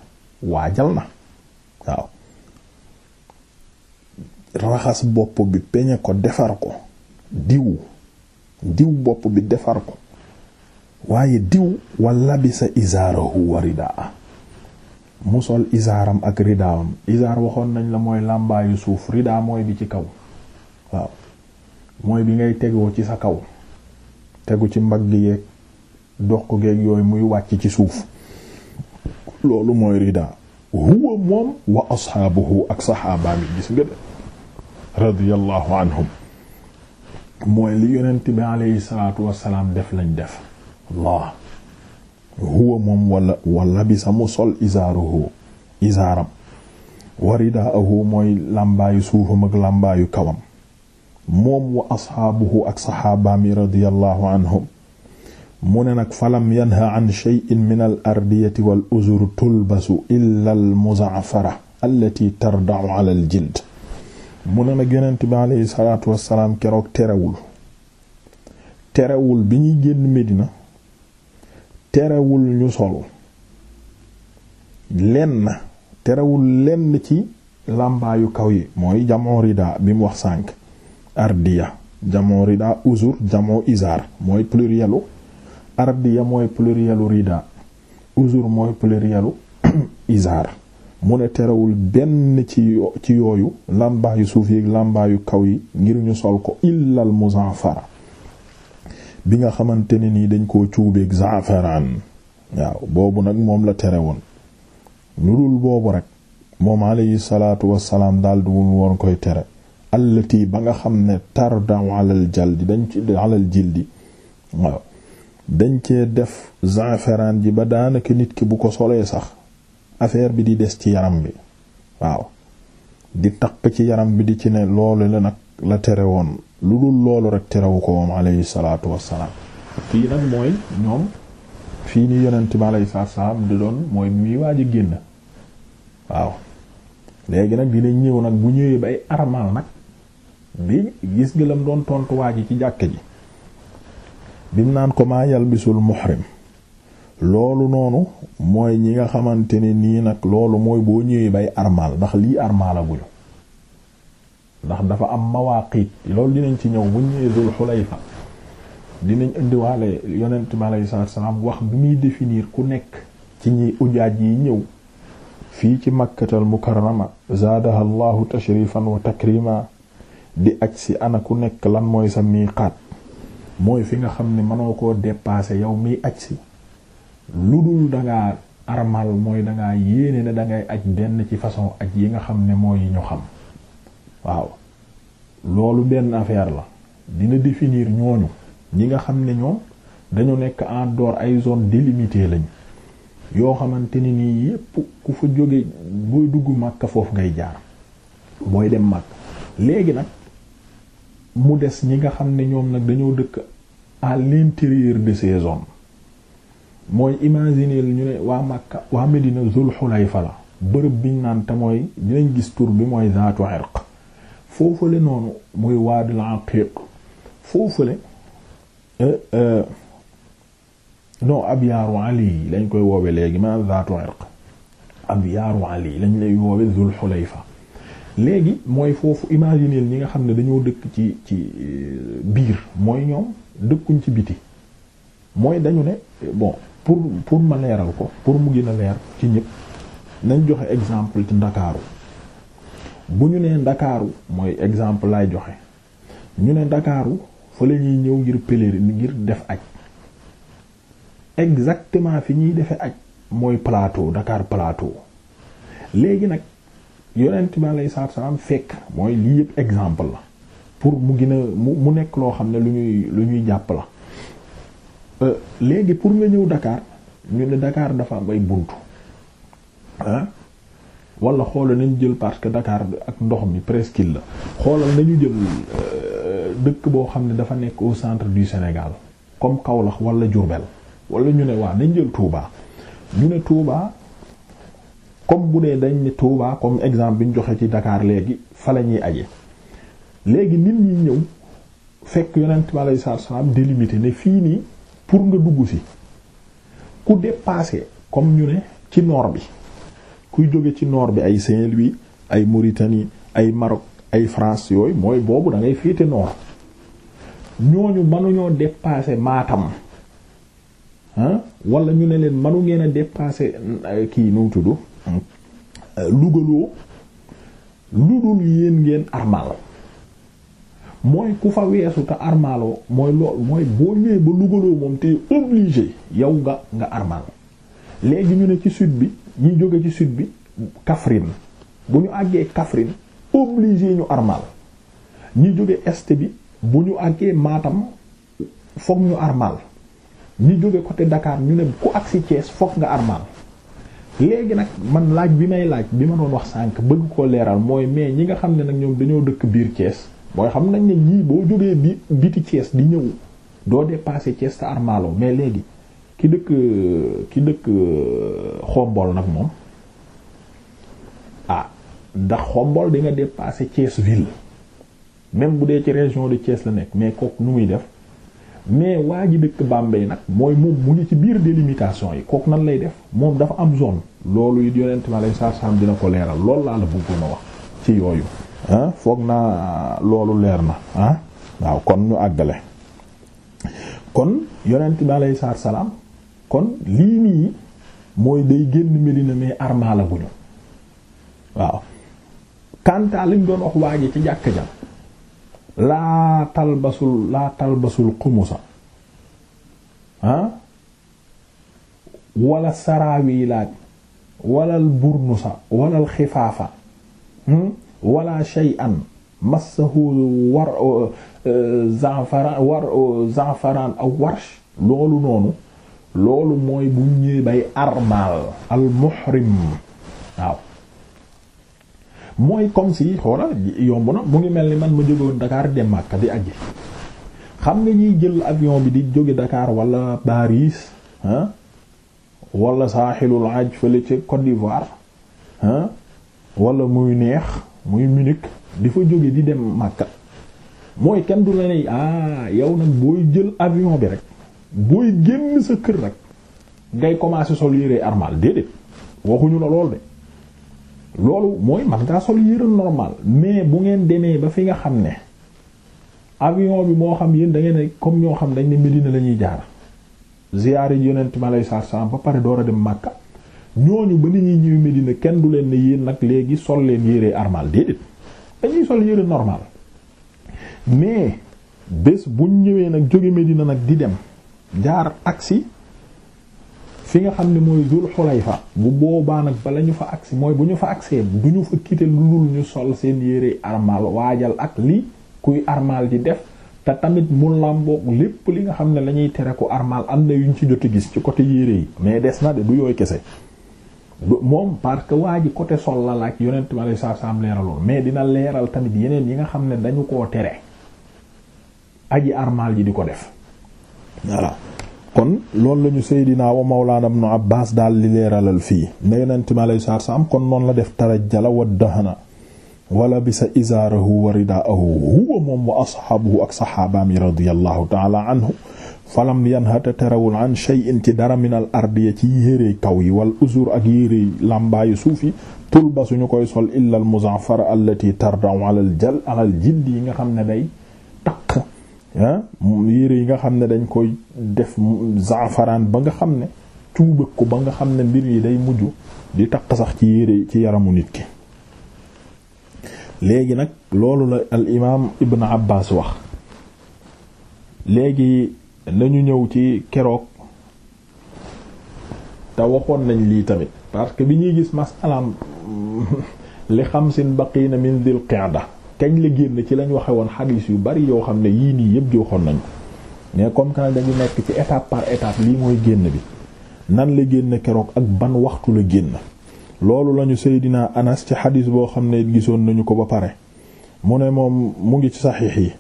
waajal na waaw raxas bopp bi peñe ko defar ko diw diw bopp bi defar ko waaye diw wa sa izaarahu wa ridaa mu sol izaaram ak ridaawam izaar waxoon nañ la mooy làmbaayu suuf ridaa mooy bi ci kaw waaw mooy bi ngay tegoo ci sa kaw tegu ci mbagg yeeg dox ko yooyu muy wàcc ci suuf loolu mooy rida huwa moom wa asxaabuhu ak saxaabaam yi gis nga de radiyallahu anhum mooy li yonent bi aleyhi salaatu wassalaam def lañ def Allah huwa moom wala wala bi mu sol izaaruhu izaaram wa ridaahu mooy làmbaayu suufam ak làmbaayu kawam moom wa asxaabuhu ak saxaabaam yi radiyallahu anhum mu falam yanha an shay'in min al ardiyati wal uzur tulbasu illa al muzaafara allati tarda'u ala al jild mu salaatu wassalaam keroog terewul terewul bi ñuy génn Medina terewul ñu solu terewul lenn ci làmbaayu kaw yi mooy jamono rida bi mu wax sànk ardiya jamoo rida uzur jamoo izar mooy plurielu ardiya mooy plurielu rida uzur mooy plurielu [CLEARS THROAT] izar mu ne terewul benn ci yooyu làmbaay yu suuf yi làmbaay yu kaw yi ngir ñu sol ko illal muzafara bi nga xamante ne nii dañ koo cuubeeg zafaraan waaw boobu nag moom la tere woon lu dul boobu rek moom alayhi salaatu salaam daal di woon koy tere allati ba nga xam ne tardaw alal jaldi dañ ci alal cee def zaaferaan ji ba daanaka nit ki bu ko solee sax affaire bi di des ci yaram bi waaw di taq ci yaram bi di ci ne loolu la nag la tere woon lu dul loolu rek terewu ko moom alayhi salaatu wassalaam fii nag mooy ñoom fii ni yonent bi alayhi salaatu wassalaam di doon mooy muy waaj a génn waaw léegi nag dina ñëw nag bu ñëwee bay armal nag bi gis nga lam doon tontuwaa ji ci jàkk ji mu naan ko maa yalbisul muhrim loolu noonu mooy ñi nga xamante ne nii nag loolu mooy boo ñëwee bay armal ndax lii armaala ndax dafa am mawaaqiit loolu dinañ ci ñëw bu ñëwee dul xulayfa dinañ indiwaale yonent mi alayhi salaatu salaam wax bi muy définir ku nekk ci ñi ujaaj yi ñëw fii ci makkatal mukarrama zaadaha allahu tashrifan wa takrima di aj si ana ku nekk lan mooy sa miiqaat mooy fi nga xam ne mënoo koo dépasser yow mii aj si lu dul dangaa armal mooy dangaa yéene ne dangay aj benn ci façon aj yi nga xam ne mooy yi ñu xam waaw loolu benn affaire la dina définir ñooñu ñi nga xam ne ñoom dañu nekk en dehors ay zone délimitée lañ yoo xamante ni nii yépp ku fa jóge booy dugg Makka foofu ngay jaar booy dem Makka léegi nag mu des ñi nga xam ne ñoom nag dañoo dëkk à l'intérieur de ces zones mooy imaginer ñu ne waa Makka waa Medina Zul Xulayfa la bërëb biñ naan tamooy dinañ gis tur bi mooy zaatu irq foofule noonu mooy waadul aqiq foofule euh, euh, non ab yaaru ali lañ koy woowe léegi ma zaatu irq ab yaaru ali lañ lay woowe Zul Xulayfa léegi mooy foofu imaginer ñi nga xam ne dañoo dëkk ci ci euh, biir mooy ñoom dëkkuñ ci biti mooy dañu ne bon pour pour ma leeral ko pour mu gën a leer ci ñëpp nañ joxe exemple ci ndakaaru bu ñu nee ndakaaru mooy exemple laay joxe ñu ne ndakaaru fa la ñuy ñëw ngir pèlerin ngir def aj exactement fi ñuy defee aj mooy palaato Dakar palaato léegi nag yonent bi alayhi salaatu salaam fekk mooy lii yëpp exemple la pour mu gën a mu mu nekk loo xam ne lu ñuy lu ñuy jàpp la euh, léegi pour nga ñëw dakaar ñu ne dakaar dafa am ay buntu ah wala xoolal nañ jël parce que Dakar ak ndox mi presqu'île la xoolal nañu jël euh, dëkk boo xam ne dafa nekk au centre du Sénégal comme kawlax wala Diourbel wala ñu ne waa nañ jël Touba ñu ne Touba. comme bu dee dañ ne Touba comme exemple bi ñu joxe ci Dakar léegi fa la ñuy aje léegi nit ñi ñëw fekk yonent bi alayhi salaatu salaam délimité ne fii nii pour nga dugg si ku dépassé comme ñu ne ci nord bi kuy jóge ci noor bi ay Saint-Louis ay Mauritanie ay Maroc ay France yooyu mooy boobu da ngay féete nord ñooñu mënuñoo dépassé Matam ah wala ñu ne leen mënu ngeen a dépassé euh, kii nu mu tudd. Euh, lugaloo lu dul yéen ngeen armal mooy ku fa weesu te armaloo mooy lool mooy boo ñëwee ba lugaloo moom te obligé yow nga nga armal léegi ñu ne ci sud bi ñi jóge ci sud bi Kaffrine bu ñu àggee Kaffrine obligé ñu armal ñi jóge est bi bu ñu àggee Matam fokk ñu armal ñi jóge côté ndakaar ñu ne ku agsi Thiès fokk nga armal léegi nag man laaj bi may laaj bi ma doon wax sànq bëgg ko leeral mooy mais ñi nga xam ne nag ñoom dañoo dëkk biir Thiès mooy xam nañ ne ñii boo jógee bi biti Thiès di ñëw doo dépasser Thiès te Armalo mais léegi ki dëkk ki dëkk euh, xombol nag moom ah ndax xombol di nga dépasser Thiès ville même bu dee ci région de Thiès la nekk mais kooku nu muy def mais waa ji dëkk Bambey nag mooy moom mu ngi ci biir délimitation yi kook nan lay def moom dafa am zone loolu it yonent ma lay saasam dina ko leeral loolu laa la bëggoon ci yooyu ah, foog naa loolu leer na ah, waaw kon ñu àggale kon yonent bi aleyhi salaam kon lii nii mooy day génn Medina mais armaala guñu waaw kanta liñ doon wax waaje ci jàkk ja laa talbasul laa talbasul xumusa ah wala saraawilaat wala burnusa wala xifaafa hmm? wala shay'an massahu war uh, uh, zanfaran war uh, zanfaran aw warsh loolu noonu loolu mooy bu ñëwee bay armal al muhrim waaw mooy comme si xoola yomb na mu ngi mel ni man ma jógoon Dakar dem Makka di aji xam nga ñuy jël avion bi di jóge dakaar walla Paris ah wala saaxilul aj fële ci Côte d'Ivoire ah wala muy neex muy Munich di fa jóge di dem Makka mooy kenn du la ne ah yow nag booy jël avion bi rek booy génn sa kër rek ngay commencer sol yére armaal déedéet waxuñu la lool de. loolu mooy man ngaa sol yëre normal mais bu ngeen demee ba fi nga xam ne avion bi moo xam yéen da ngeen comme ñoo xam dañ ne Medina la jaar ziyaare yonent ma lay saar saam ba pare door a dem Makka ñooñu ba ni ñuy ñëw Medina kenn du leen ne yéen nag léegi sol leen yére armal déedéet dañuy sol yére normal mais bés bu ñëwee nag jóge Medina nag di dem jaar taxi fi nga xam ne mooy Zul fa bu boobaa nag bala ñu fa agsi mooy bu ñu fa agsee du ñu fa kite lu dul ñu sol seen yére armal waajal ak li kuy armal di def te tamit mu làmboog lépp li nga xam ne la ñuy tere ku armal am na ñu ci jot gis ci côté yére yi mais des na de du yooy kese moom parce que waa ji côté sol la laaj yonent mi alayhi salaam leeraloon mais dina leeral tamit yeneen yi nga xam ne dañu koo tere aji armal ji di ko def voilà kon loolu la ñu Seydina wa Mawlaana Ibnu Abbaas daal li leeralal fii ne yonent mi alayhi salaatu salaam kon noonu la def tara wa dahana wala bisa izaarahu wa ridaahu huwa moom wa asxaabuhu ak saxaabaami radiyallahu taala anhu falam yanhata terewul an shay'in ci dara minal ardiya ci yére kaw yi wal uzur ak yére làmbaayu suuf yi tulba suñu koy sol illa al muzaffara allati tardaw alal jal yi nga xam ne day takk Ah, yére yi nga xam ne dañ koy def zaafaraan ba nga xam ne cuubag ko ba nga xam ne mbir yi day mujj di takk sax ci yére ci yaramu nit ki léegi nag loolu la al imaam ibn abbas wax léegi nañu ñëw ci keroog te waxoon nañ lii tamit parce que bi ñuy gis masalaam [LAUGHS] li xam xamsin baqiina min dil qa'da kañ la génn ci lañ waxe woon xadiis yu bari yoo xam ne yii nii yëpp joxoon nañ ko mais comme que dañu nekk ci étape par étape lii mooy génn bi nan la génn keroog ak ban waxtu la génn loolu lañu Seydina Anas ci xadiis boo xam ne gisoon nañu ko ba pare mu ne moom mu ngi ci saxiix yi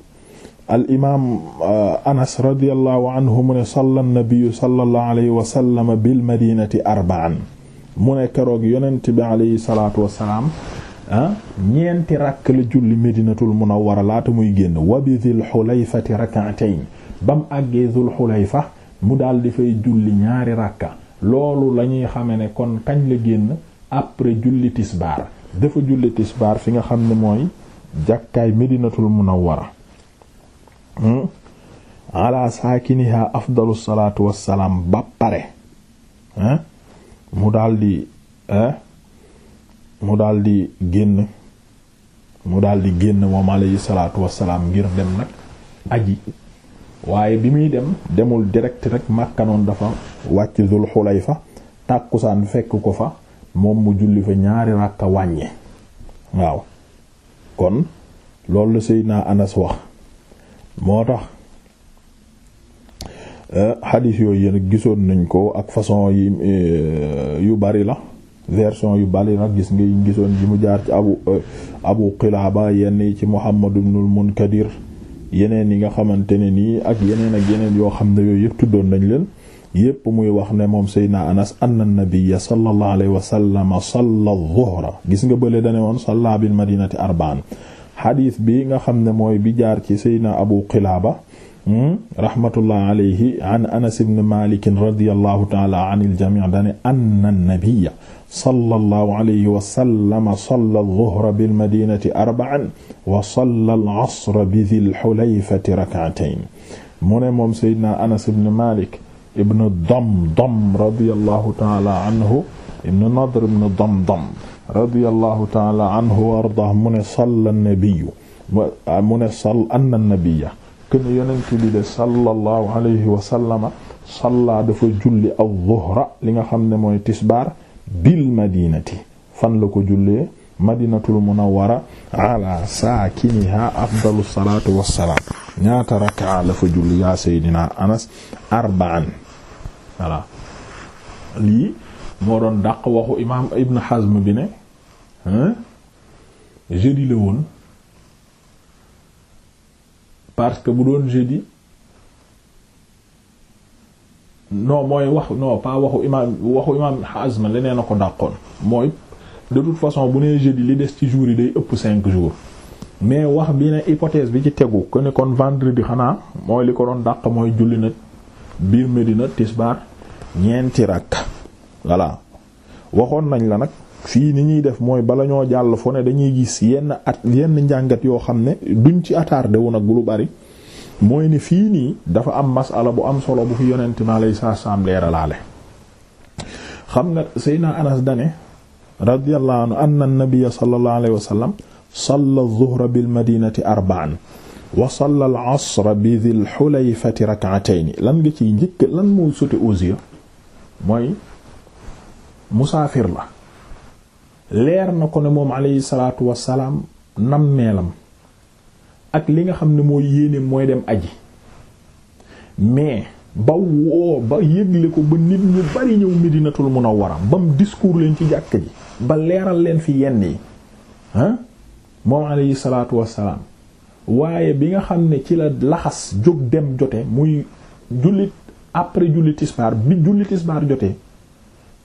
al imaam euh, Anas radiyallahu anhu mu ne salla nabiyu sallallahu alayhi wa sallam bil madinati arba'an mu ne keroog yonent bi alayhi salaatu wa ah ñeenti rakk la julli medinatul munawwara laata muy génn wabi zul xulayfati rak'atayn bam àggee zul xulayfa mu daal di fay julli ñaari rakka loolu la ñuy xame ne kon kañ la génn après julli tisbaar dafa julli tisbaar fi nga xam ne mooy jàkkaay medinatul munawwara hmm? ala saakiniha afdalu salaatu wassalaam ba pare mu daldi mu daldi génn mu daldi génn moom alayhi salaatu wassalaam ngir dem nag aji waaye bi muy dem demul direct rek makkanoon dafa wàcc Zul fa tàkkusaan fekk ko fa moom mu julli fa ñaari ràkka wàññe waaw kon loolu la Seydina Anas wax moo tax eh, xadiis yooyu yéen gisoon nañ ko ak façon eh, yu bari la version yu bari nag gis ngi gisoon ji mu jaar ci abu eh, abu qilaaba yenn yi ci muhammad ibnul munkadir yeneen yi nga xamante ne nii ak yeneen ak yeneen yoo xam ne yooyu yëpp tuddoon dañ leen yëpp muy wax ne moom seydna anas anna nabiyya sallallahu alayhi wa sallam salla dhuhra gis nga bële dane woon salla bil madinati arbaan xadiis bi nga xam ne mooy bi jaar ci seydna abu qilaaba hmm, rahmatullah alayhi an anas ibn malik radiyallahu taala anil jami' dane anna nabiyya sallallahu alayhi wa sallam salla al-zuhra bil-madinati arba'an wa salla al-asra bi dhil-hulayfati rak'atayn mu ne moom Seydina Anas ibn Malik ibn Damdam radiyallahu ta'ala anhu ibn Nadr ibn Damdam radiyallahu ta'ala anhu wa ardaahu mu ne salla an-nabiyyu mu ne sal anna an-nabiyya kon yonent bi de sallallahu alayhi wa sallama salla dafa julli al-zuhra li nga xam ne mooy tisbaar bil madinati fan la ko jullee madinatul munawwara ala saakiniha afdalu salaatu wassalaam ñaata rakaa la fa julli yaa seydina anas arba'an voilà lii moo doon dàq waxu imaam ibn hazm bi ne jeudi la woon parce que bu doon jeudi non mooy wax non pas waxu imaam waxu imaam Hazm leneen a ko dàqoon mooy de toute façon bu nee jeudi li des ci jours yi day ëpp cinq jours mais wax bi ne hypothèse bi ci tegu que ne kon vendredi xanaa mooy li ko doon dàq mooy julli na biir Medina tisbaar ñeenti rakk voilà waxoon nañ la nag fii ni ñuy def mooy bala ñoo jàll fo ne dañuy gis yenn at yenn njàngat yoo xam ne duñ ci attardé wu nag bu lu bari. mooy ne fii nii dafa am masala bu am solo bu fi yonent mi alayhi salaam leeralaale xam nga Seydina Anas dane radiyallahu anhu anna an-nabiyya sallallahu alayhi wa sallam salla adh arba'an wa salla al bi dhil hulayfati rak'atayn lan nga njëkk lan moo sauté musaafir la leer na ko ne moom alayhi salaatu wa salaam nammeelam ak li nga xam ne mooy yéene mooy dem aji mais ba woo ba yëgle ko ba nit ñu bari ñëw Medinatul Munawwara bam discours leen ci jàkk ji ba leeral leen fi yenn yi ah moom alayhi salaatu wassalaam waaye bi nga xam ne ci la laxas jóg dem jote muy jullit après julli tisbaar bi julli tisbaar jotee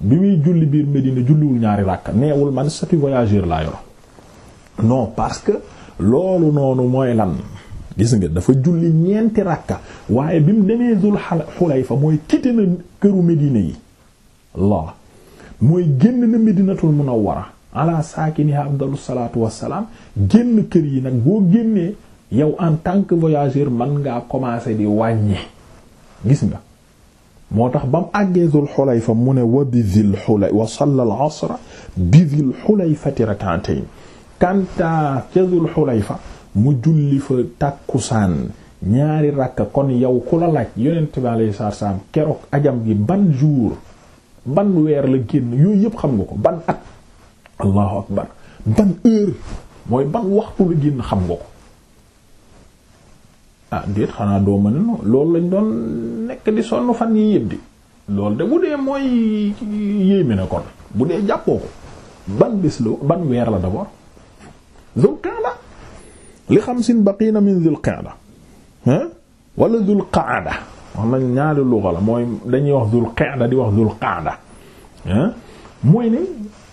bi muy julli biir Medina julliwul ñaari ràkka neewul man statut laa yor loolu noonu mooy lan gis nga dafa julli ñeenti rakka waaye bi mu demee Dul fa mooy quitté na këru Medina yi la mooy génn na Medinatul Munawwara ala saakiniha afdalu salaatu wassalaam génn kër yi nag boo génnee yow en tant que voyageur man ngaa commencer di wàññee gis nga moo tax ba mu àggee Dul Xulayfa mu ne wa bi la Xulayfa wa salla al asra bi Dul Xulayfati rak'atayn kanta ca Zul fa mu julli fa tàkkusaan ñaari rakka kon yow ku la laaj yonent bi alayhi salaam keroog ajam gi ban jour ban weer la génn yooyu yëpp xam nga ko ban at allahu akbar ban heure mooy ban waxtu la génn xam nga ko ah déet xanaa doo mën noonu loolu lañ doon nekk di sonn fan yi yëpp di loolu de bu dee mooy yéeme na kon bu dee jàppoo ko ban bés la ban weer la d'abord Dhul Qa'da li xamsin baqiina min Dhul Qa'da ah wala Dhul Qa'da wax nañ ñaari luga la mooy dañuy wax Dhul Qa'da di wax Dhul Qa'da ah mooy ne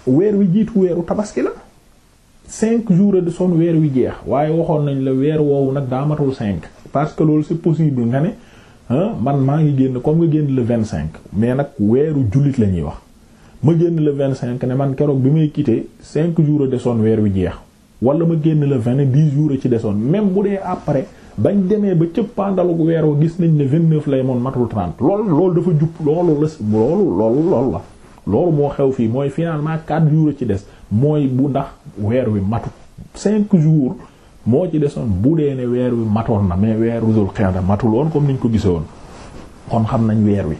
weer wi jiitu weeru tabaski la cinq jours de son weer wi jeex waaye waxoon nañ la weer woowu nag daamatul matul cinq parce que loolu c'est possible nga ne man maa ngi génn comme nga génn le vingt cinq mais nag weeru jullit la ñuy wax ma génn la vingt cinq ne man keroog bi may quitter cinq jours de son weer wi jeex wala ma génn le vingt ne jours a ci desoon même bu dee après bañ demee ba cëppaandalug weer wa gis nañ ne vingt neuf lay moon matul trente lool loolu dafa jub loolu la loolu loolu loolu la loolu moo xew fii mooy finalement quatre jours a ci des mooy bu ndax weer wi matu cinq jours moo ci desoon bu dee ne weer wi matoon na mais weeru Dul Qa'da matul woon comme niñ ko woon kon xam nañ weer wi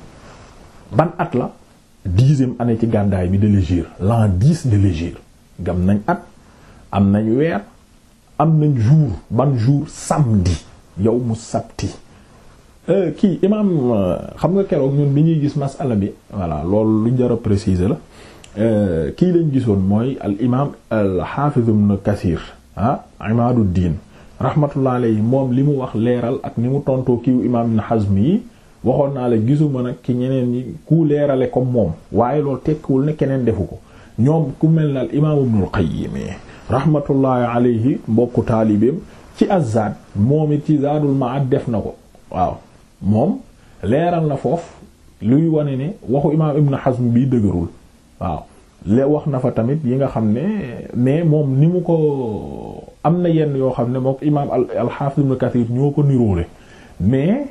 ban at la dixième année ci gàddaay bi de l'hégire l'an dix de l'hégire gam nañ at am nañ weer am nañ jour ban jour samedi yow mu sabti euh, kii imaam euh, xam nga keroog ñun bi ñuy gis masala bi voilà loolu lu jar a préciser la euh, kii lañ gisoon mooy al imaam al xaafiz ibn Kasiir ah diin rahmatullah alayhi moom li mu wax leeral ak ni mu tontoo kiiw imaam Ibn Hazm yi waxoon naa la gisuma nag ki ñeneen ñi ku leerale comme moom waaye loolu tekkiwul ne keneen defu ko ñoom ku mel na al imaam Ibnul Qayyim rahmatullahi alayhi mbokku taalibeem ci azad moom it ci zaadul maad def na ko waaw moom leeral na foofu luy wane ne waxu imaam Ibn Hazm bii dëgërul waaw le wax na fa tamit yi nga xam ne mais moom ni mu ko am na yenn yoo xam ne moom imaam al-Hafiz ñoo ko niroole mais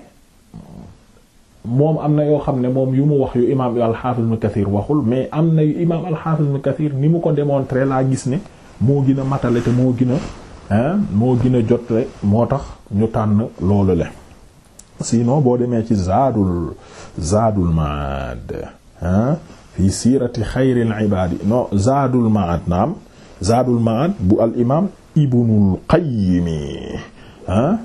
moom am na yoo xam ne moom yu mu wax yu imaam al-Hafiz Ibn Kathir waxul mais am na yu imaam al-Hafiz Kathir ni mu ko démontrer laa gis ne. moo gina a matale te moo gën a moo gën a jotle moo tax ñu tànn loolu le no boo demee ci zaadul zaadul maad siirati xayril ibaadi non zaadul maad naam zaadul maad bu al imaam ibnul qayyimi ah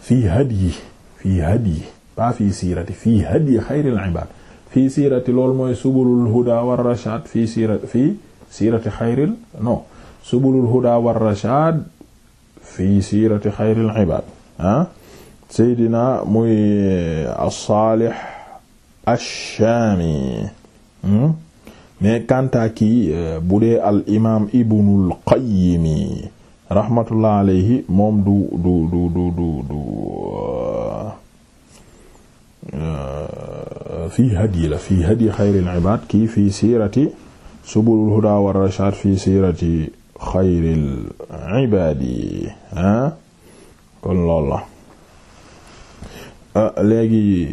fii hadyi fii hadyi pas fii siirati fii hadyi xayril ibaad fii siirati loolu mooy subulul huda war rashaad fii siirati fii siirati xayril non subulul huda war rashad fii siirati xayril ibad ah seydina muy eh, as-Salih ash-Shami hmm? mais kanta ki eh, bu dee al imam Ibnul Qayyim rahmatullah alayhi moom du du du du du du eh, fii hadyi la fii hadyi xayril ibad kii fii siirati subulul huda war rashad fi sirati xayril ibaadi ah kon loolu la ah, léegi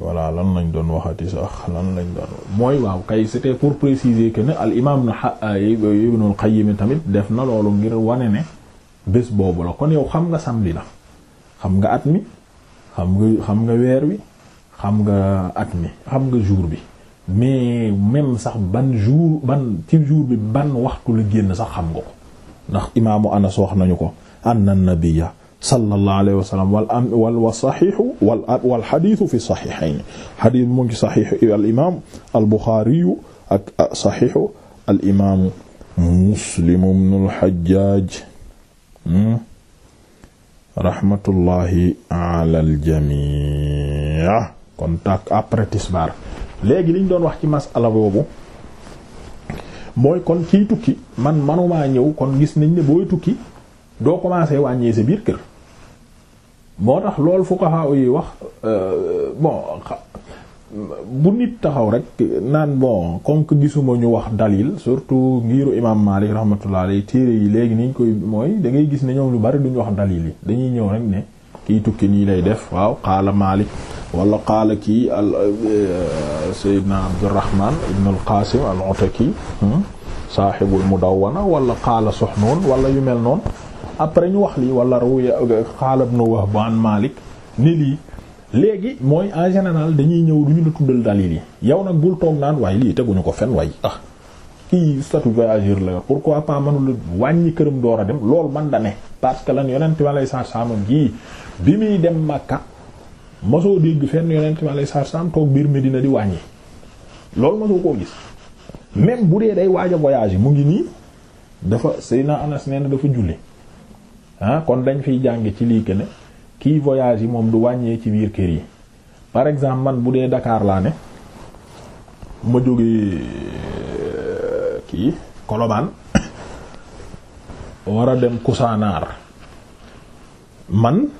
voilà lan lañ doon waxati sax lan lañ doon mooy waaw kay c'était pour préciser que ne al imaam na ah, ah, Ibnul Qayyim tamit def na loolu ngir wane ne bés boobu la kon yow xam nga samedi la xam nga at mi xam nga xam nga weer wi xam nga at mi xam nga jour bi mais même sax ban jour ban ci jour bi ban waxtu la génn sax xam nga ko ndax imaamu anas wax nañu ko anna nabiyya sallallahu alayhi wa sallam wal am wal wa saxiixu wal wal xadiisu fi saxiixayni xadiis mu ngi saxiixu al imaam al buxaari ak saxiixu al imaamu muslim ibnul xajjaaj hmm? rahmatullahi alal jamii kon tak après tisbaar léegi liñ doon wax ci masala boobu mooy kon ciy tukki man manumaa ñëw kon gis nañ ne booy tukki doo commencé wàññee sa biir kër moo tax loolu fuqaha yi wax euh, bon bu nit taxaw rek naan bon comme que gisuma ñu wax dalil surtout ngiru imam Malik rahmatullah alayhi téere yi léegi niñ koy mooy da ngay gis ne ñëw lu bari duñu wax dalil yi dañuy ñëw rek ne kii tukki nii lay def waaw xaala Malik wala xaala kii al euh, Seydina Abdurrahman ibn al-Qasim al-Utaki hmm, sahibul Mudawwana wala qaala Suhnun wala yu mel noon après ñu wax lii wala ruya qaala ibn Wahb an Malik ni lii léegi mooy en général dañuy ñëw du ñu la tuddal dalil yi yow nag bul toog naan waaye lii teguñu ko fen way ah kii statut voyageur la yor pourquoi pas mënula wàññi këram door dem loolu man da ne lan yonent ma lay saamam gii bi muy dem Makka mosoo dégg fenn yonent mi alayhi salaam toog biir Medina di wàññi loolu mosoo koo gis même bu dee day waaj a voyage mu ngi nii dafa Seydina Anas nee na dafa julli ah, kon dañ fiy jàng ci lii que ne kiy voyage yi moom du wàññee ci biir kër yi par exemple man bu dee Dakar laa ne ma jógee kii Colobane [COUGHS] war a dem Koussanar man.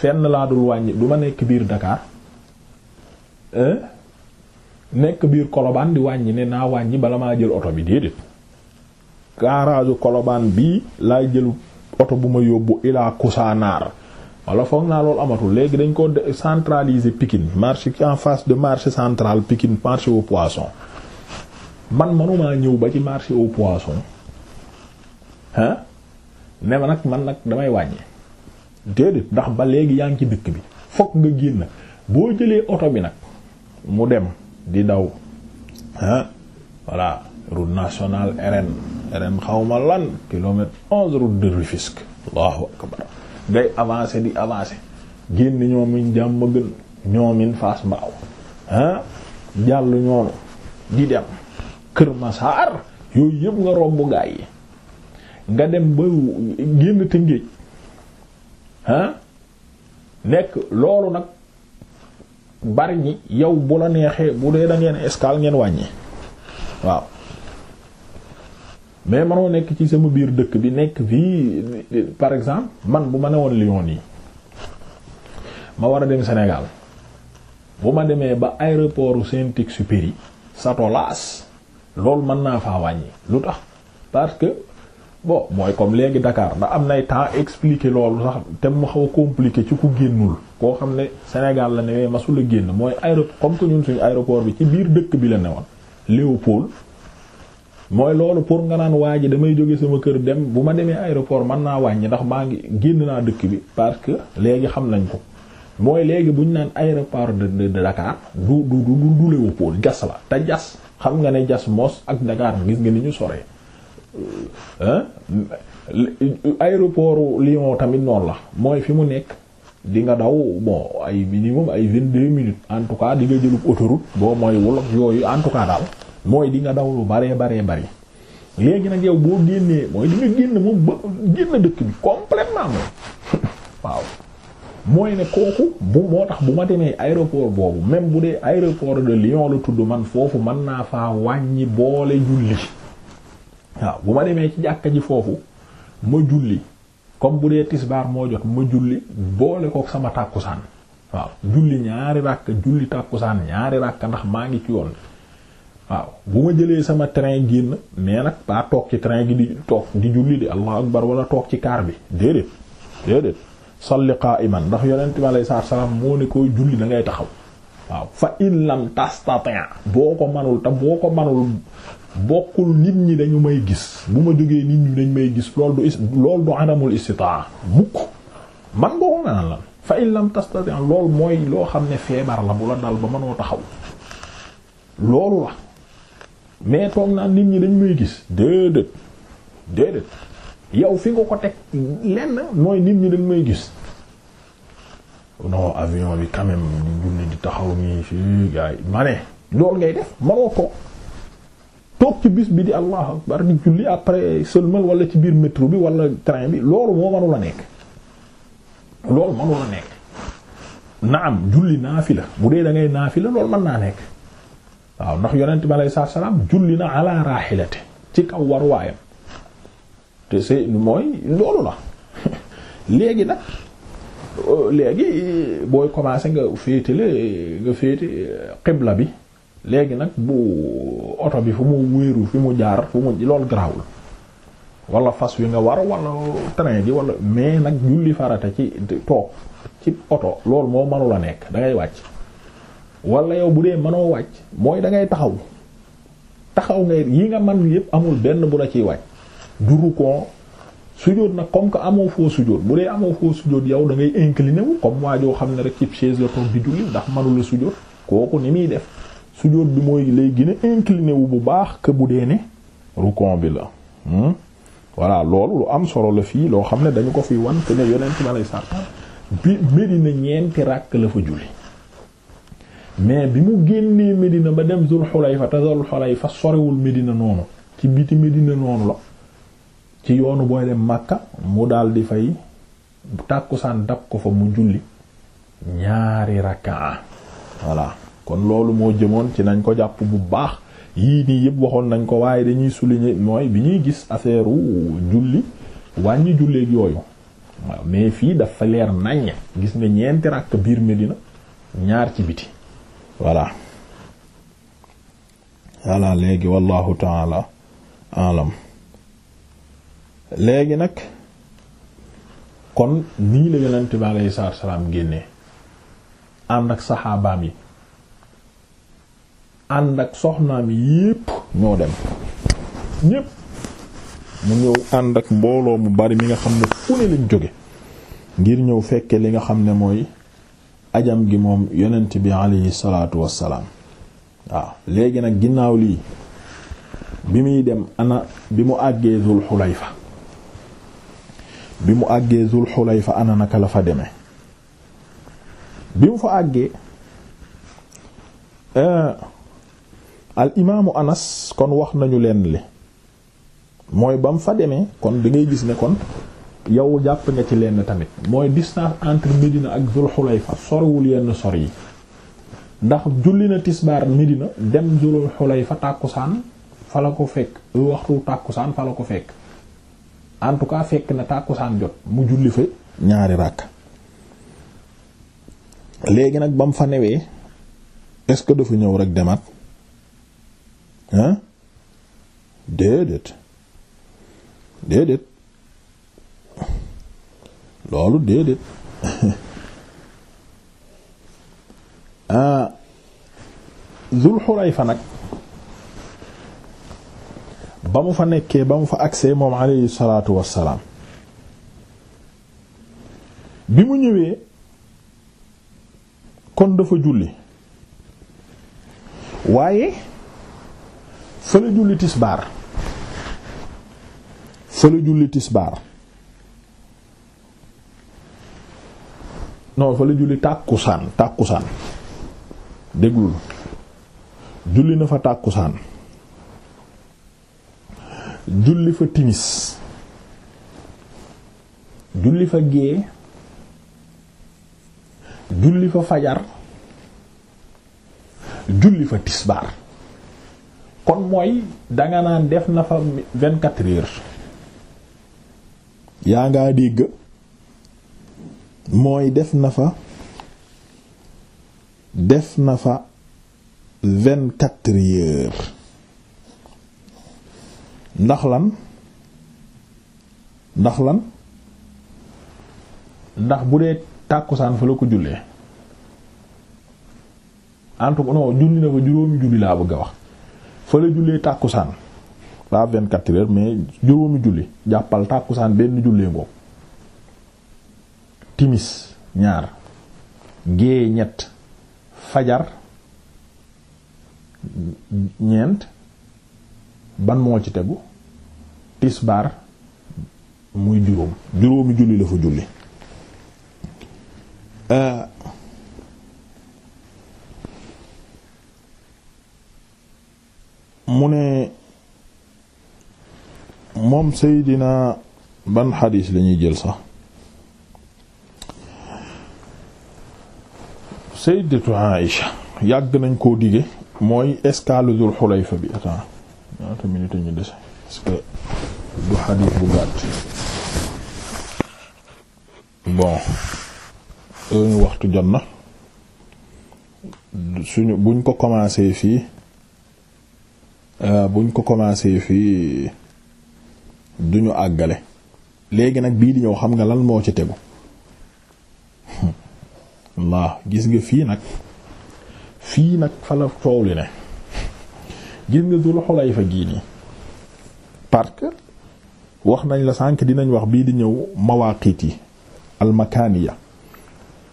fenn laa dul wàññi du ma nekk biir Dakar nekk biir Colobane di wàññi ne naa wàññi bala maa jël oto bi déedéet garage Colobane bii laay jël oto bu ma yóbbu ilaa Koussanar wala foog naa loolu amatul léegi dañ ko centraliser Pikine marché en face de marché central pikin marché au poison man manumaa ñëw ba ci marché au poisson hein ne ma nag man nag damay wàññi déedéet ndax ba léegi yaa ngi ci dëkk bi fokk nga génn boo jëlee oto bi nag mu dem di daw ah voilà route nationale RN RN xawma lan kilomètre onze route de Rufisque allahu akbar ngay avancer di avancer génn ñoomin jàmm gën ñoomin Fass Mbao ah jàll ñoonu di dem Kër Massar yooyu yëpp nga romb gaay yi nga dem ba génn Tëngéej ah nekk loolu nag bari ñi yow bu la neexee bu dee da ngeen escale ngeen wàññi waaw mais manoo nekk ci sama biir dëkk bi nekk fii par exemple man bu ma newoon Lyon yi ma war a dem senegal bu ma demee ba aéroportu Saint-Exupéry Satolas loolu mën naa faa wàññi lu tax parce que bo mooy comme léegi dakaar ndax am nay temps expliquer loolu sax te mu xaw a compliqué ci ku génnul koo xam ne Sénégal la newee masul a génn mooy aéroport comme que ñun suñu aéroport bi ci biir dëkk bi la newoon Léopold mooy loolu pour nga naan waa ji damay jóge sama kër dem bu ma demee aéroport man naa wàññi ndax maa ngi génn naa dëkk bi parce que léegi xam nañ ko mooy léegi bu ñu naan aéroport de Dakar du du du du Léopold jas la te jas xam nga ne jas mos ak Dakar gis nga ni ñu soree aéroport Lyon tamit noonu la mooy fi mu nekk di nga daw bon ay minimum ay vingt-deux minutes en tout cas di nga jëlub autoroute boo mooy wolof yooyu en daal mooy di nga daw lu baree baree bari léegi nag yow boo génnee mooy di génn moom ba génn dëkk bi complètement moom [LAUGHS] waaw mooy ne kooku bu moo tax bu ma demee aéroport boobu même bu dee aéroport de Lyon la tudd man foofu mën naa faa wàññi boole julli waaw bu ma demee ci jàkka ji foofu ma julli comme bu dee tisbaar moo jot ma julli boole kook sama tàkkusaan waaw julli ñaari ràkk julli tàkkusaan ñaari ràkk ndax maa ngi ci yoon waaw bu ma jëlee sama train génn mais nag baa toog ci train gi di toog di julli di allahu bar wala toog ci kaar bi déedéet déedéet salli qa'iman ndax yonent bi alayhi salaatu salaam moo ne koy julli da taxaw waaw fa in lam tastati' boo ko manul te boo ko manul bokkul nit ñi dañu may gis bu ma jógee nit ñi dañu may gis lool du lool du adamul istitaa mukk man boo nga fa in lam lool mooy loo xam ne feebar la bu la dal ba mënoo taxaw loolu la mais toog naa nit ñi dañ may gis déedéet déedéet yow fi nga ko teg lenn mooy nit ñi dañ may gis non avion bi quand même ñu di taxaw nii fii gars ma ne loolu ngay def mënoo ko toog ci bis bi di allahu akbar di julli après seulement wala ci biir métro bi wala train bi loolu moo mënula nekk loolu mënula nekk naam julli naafila bu dee da naafila loolu mën naa nekk waaw ndax yonent bi alayhi salaam julli na ala raahilati ci kaw war waayam te c'est mooy loolu la [LAUGHS] léegi nag euh, léegi booy commencer nga féetale nga féete xibla euh, bi léegi nag bu oto bi fu mu wéeru fi mu jaar fu mu loolu garaawul wala fas wi nga war wala train ji wala mais nag julli farata ci toog ci oto loolu moo mënula nekk da ngay wàcc walla yow bu dee mënoo wàcc mooy da ngay taxaw taxaw ngay yi nga man yépp amul benn bu la ciy wàcc duru ko sujjóot nag comme que amoo foo sujjóot bu dee amoo foo sujjóot yow dangay ngay incliné wu comme waajoo xam ne rek ci chaise la toog di julli ndax mënula sujjóot kooku ni muy def sujjóot bi mooy lay gën a wu bu baax que bu dee ne rukon bi la hmm? voilà loolu lu am solo la fii loo xam ne dañu ko fi wan te ne yonent ma lay sàrta bi Medina ñeenti ràkk la fa julli mais bi mu génnee Medina ba dem Zul Xulayfa te Zul Xulayfa sorewul Medina noonu ci biti Medina noonu la ci yoonu booy dem Makka mu dal di fay tàkkusaan dab ko fa mu julli ñaari rakkaa voilà kon loolu moo jëmoon ci nañ ko jàpp bu baax yii nii yëpp waxoon nañ ko waaye dañuy souligner mooy bi ñuy gis affaire julli wàññi julleeg yooyu waaw mais fii dafa leer naññ gis nga ñeenti ràkk biir Medina ñaar ci biti voilà voilà léegi wallahu taala léegi nag kon nii la yonent bi alayhi salaam génnee ànd ak saxaabaam yi ànd ak soxnaam yépp ñoo dem ñépp mu ñëw ànd ak mbooloo mu bari mi nga xam ne fu ne lañ jóge ngir ñëw fekkee li nga xam ne mooy ajam gi moom yonent bi alayhi salaatu wassalaam waaw léegi nag ginnaaw lii bi muy dem ana bi mu àggee zul fa bi mu àggee zul xulayfa ana naka la fa demee bi mu fa àggee euh, al imaamu anas kon wax nañu leen li mooy ba mu fa demee kon da ngay gis ne kon yow jàpp nga ci lenn tamit mooy distance entre Médina ak Zul Xulayfa soriwul yenn sor yi ndax julli na tisbaar Médina dem Zul Xulayfa tàkkusaan fa la ko fekk waxtu tàkkusaan fa la ko fekk en tout cas fekk na tàkkusaan jot mu julli fi ñaari ràkk léegi nag ba mu fa newee est-ce que dafa ñëw rek demaat ah déedéet déedéet loolu déedéet [LAUGHS] ah Zul Xulayfa nag ba mu fa nekkee ba mu fa agsee moom alayhi salaatu wassalaam bi mu ñëwee kon dafa julli waaye fa la julli tisbaar fa la julli tisbaar non fa la julli tàkkusaan tàkkusaan déglul julli na fa tàkkusaan julli fa timis julli fa gée julli fa fajar julli fa tisbaar kon mooy danga naan def na fa vingt-quatre heures yaa ngaa dégg mooy def na fa def na fa vingt ndax lan ndax lan ndax bu dee tàkkusaan fa la ko jullee en tout cas non julli na fa juróomi julli laa bëgg wax fa la jullee tàkkusaan pas vingt-quatre heures mais juróomi julli jàppal tàkkusaan benn jullee ngoog timis ñaar gée ñett fajar ñeent ban moo ci tegu tisbaar muy juróom juróomi julli la fa julli euh, mu ne moom Seydina ban xadiis lañuy jël sax Sayyidatu Aïsha yàgg nañ koo dige mooy escale Dul Xulayfa bi attends ñaata minute ñu dese que bon waxtu jot na suñu buñ ko commencé fii bu euh, buñ ko commencé fii duñu àggale léegi nag bii di ñëw xam nga lan moo ci tegu [LAUGHS] waaw gis nga fii nag fii nag fa la coow li ne gis nga Dul Xulayfa gii nii parce que wax nañ la sànq dinañ wax bii di ñëw mawaqit yi ya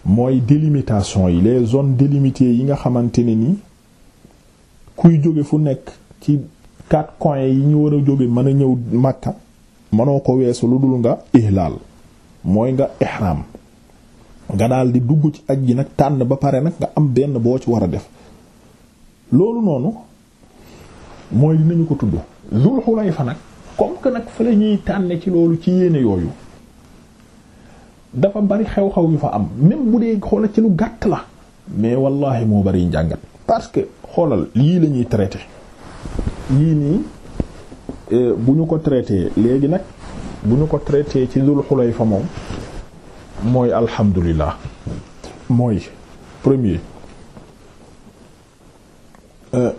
mooy délimitation yi les zones délimitées yi nga xamante ni nii kuy jóge fu nekk ci quatre coins yi ñu war a jóge mën a ñëw Makka mënoo ko weesu lu dul nga ihlaal mooy nga ihram nga daal di dugg ci ak ji nag tànn ba pare nag nga am denn boo ci war a def loolu noonu mooy dinañu ko tudd Zul Xulayfa nag comme que nag fa la ñuy tànne ci loolu ci yéene yooyu dafa bari xew-xew yu fa am même bu dee xoolal ci lu gàtt la mais wallahi moo bari njàngat parce que xoolal lii lañuy traité lii nii eh, bu ñu ko traité léegi nag bu ñu ko traité ci Dul fa moom mooy alhamdulilah mooy premier eh,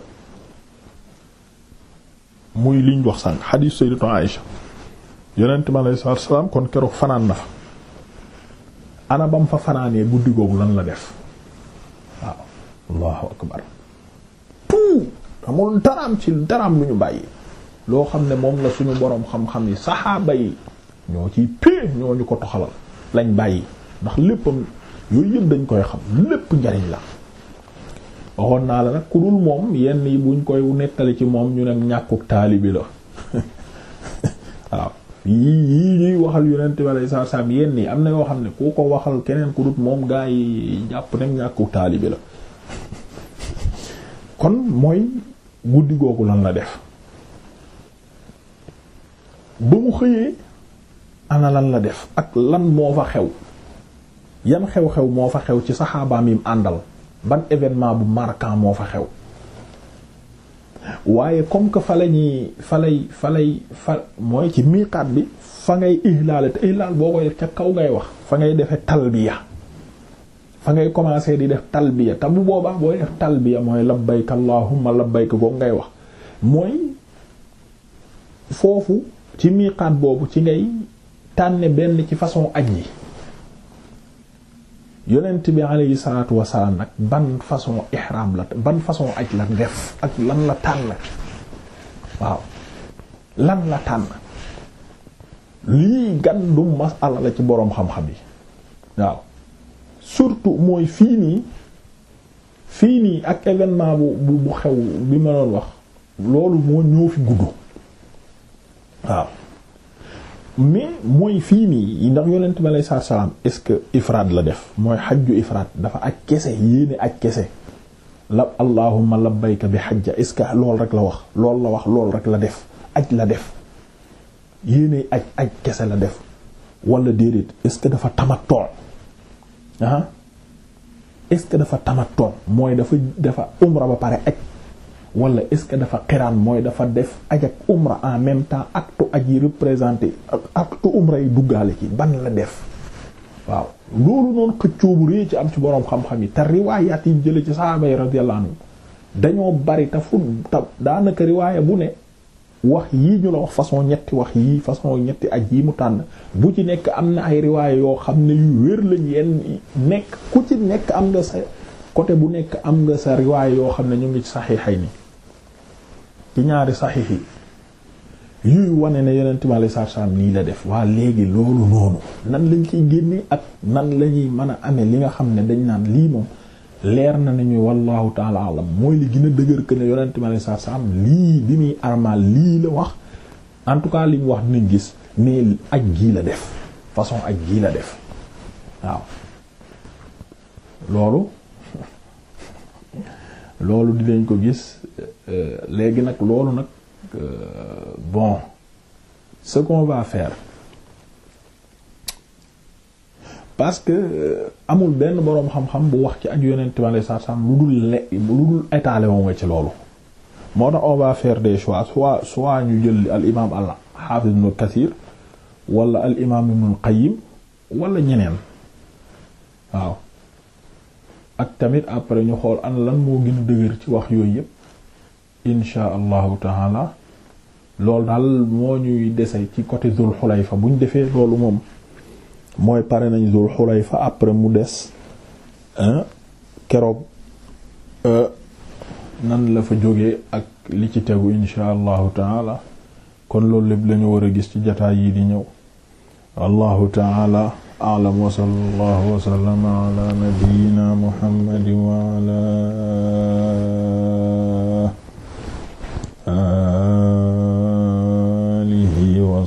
muy liñ wax sànq xadiis sayyidatu Aïcha yonent mi alayhi kon keroog fanaan na fa ana bam fa fanaanee guddi googu lan la def waaw allahu akbar tout amul daraam ci daraam lu ñu bàyyi loo xam ne moom la suñu boroom xam-xam yi saxaaba yi ñoo ciy pée ñoo ñu ko toxalal lañ bàyyi ndax léppam yooyu yëpp dañ koy xam lépp njariñ la waxoon naa la nag ku dul yenn yi buñ koy nettali ci moom ñu ne ñàkkuk taalibi la [LAUGHS] waaw yii ñuy waxal yonent bi alayhi salaam yenn yi am na yoo xam ne ku ko waxal keneen ku moom gaa yi jàpp ne ñàkkuk taalibi la [LAUGHS] kon mooy guddi googu lan la def ba mu xëyee ana lan la def ak lan moo fa xew yan xew-xew moo fa xew ci saxaabaam yim àndal ban événement bu marquant moo fa xew waaye comme que fa la ñuy fa lay fa lay fa mooy ci miiqaat bi fa ngay ihlaal te ihlaal boo koy def ca kaw ngay wax fa ngay defee talbiya fa ngay commencer di def talbiya te bu boobaa booy def talbiya mooy labbayka allahumma labbayka ko ngay wax mooy foofu ci miiqaat boobu ci ngay tànne benn ci façon aj yi yonent bi alayhi salaatu wasalaam nag ban façon ihram la ban façon aj la def ak lan la tànn waaw lan la tànn lii gàndum masala la ci boroom xam-xam yi waaw surtout mooy fii nii fii nii ak événement bu bu xew bi ma doon wax loolu moo ñoo fi gudd waaw mais mooy fii nii ndax yonent bi aleyhi salaatu salaam est-ce que ifraad la def mooy xajju ifraad dafa ak kese yéene ak kese la allahumma labbayka bi xajja est-ce loolu rek la wax loolu la wax loolu rek la def aj la def yéene aj aj kese la def wala déedéet est-ce que dafa tamattu ah est-ce que dafa tamattu mooy dafa defa umra ba pare aj wala est-ce que dafa xiraan mooy dafa def aj ak umra en même temps acte aj yi représenté acte umra yi duggaale ci ban la def waaw loolu noonu xëccoo bu rëy ci am ci boroom xam-xam yi te riwaayaat yi jële ci sahaaba yi radiyallahu dañoo bari te fu ta daanaka riwaaya bu ne wax yii ñu la wax façon ñetti wax yii façon ñetti aj yii mu tànn bu ci nekk am na ay riwaay yoo xam ne yu wér lañ yenn nekk ku ci nekk am nga sa côté bu nekk am nga sa riwaay yoo xam ne ñu ngi saxiixay ni ci ñaari saxiix yuy wane ne yeneen timale sarsam lii la def waa léegi loolu noonu nan lañ ciy génne ak nan lañuy mën a amee li nga xam ne dañ naan lii moom leer na nañu wallahu taala alam mooy li gën a dëgër que ne yonent mi alei satu salaam lii bi muy armal lii la wax en tout cas li mu wax dinañ gis mais aj gii la def façon aj gii la def waaw loolu [LAUGHS] loolu dinañ ko gis euh, léegi nag loolu nag euh, bon ce qu'on va parce que euh, amul benn boroom xam-xam bu wax ci ak yonent bi alayhi salaam lu dul le lu dul étalé woo nga ci loolu moo tax on va faire des choix soit soit ñu jël al imaam al hafiz ibn Kathir walla al imaam ibn Qayyim wala ñeneen waaw ak tamit après ñu xool an lan moo gën dëgër ci wax yooyu yépp insha allahu taala loolu daal moo ñuy dese ci côté Dul Xulayfa bu ñu defee loolu moom. mooy pare nañ Dul fa après mu des keroog euh, nan la fa jógee ak li ci tegu insha allahu taala kon loolu lépp lañu war a gis ci jataay yii di ñëw wallahu taala a'lam wa sallallahu wa wa ala alihi wa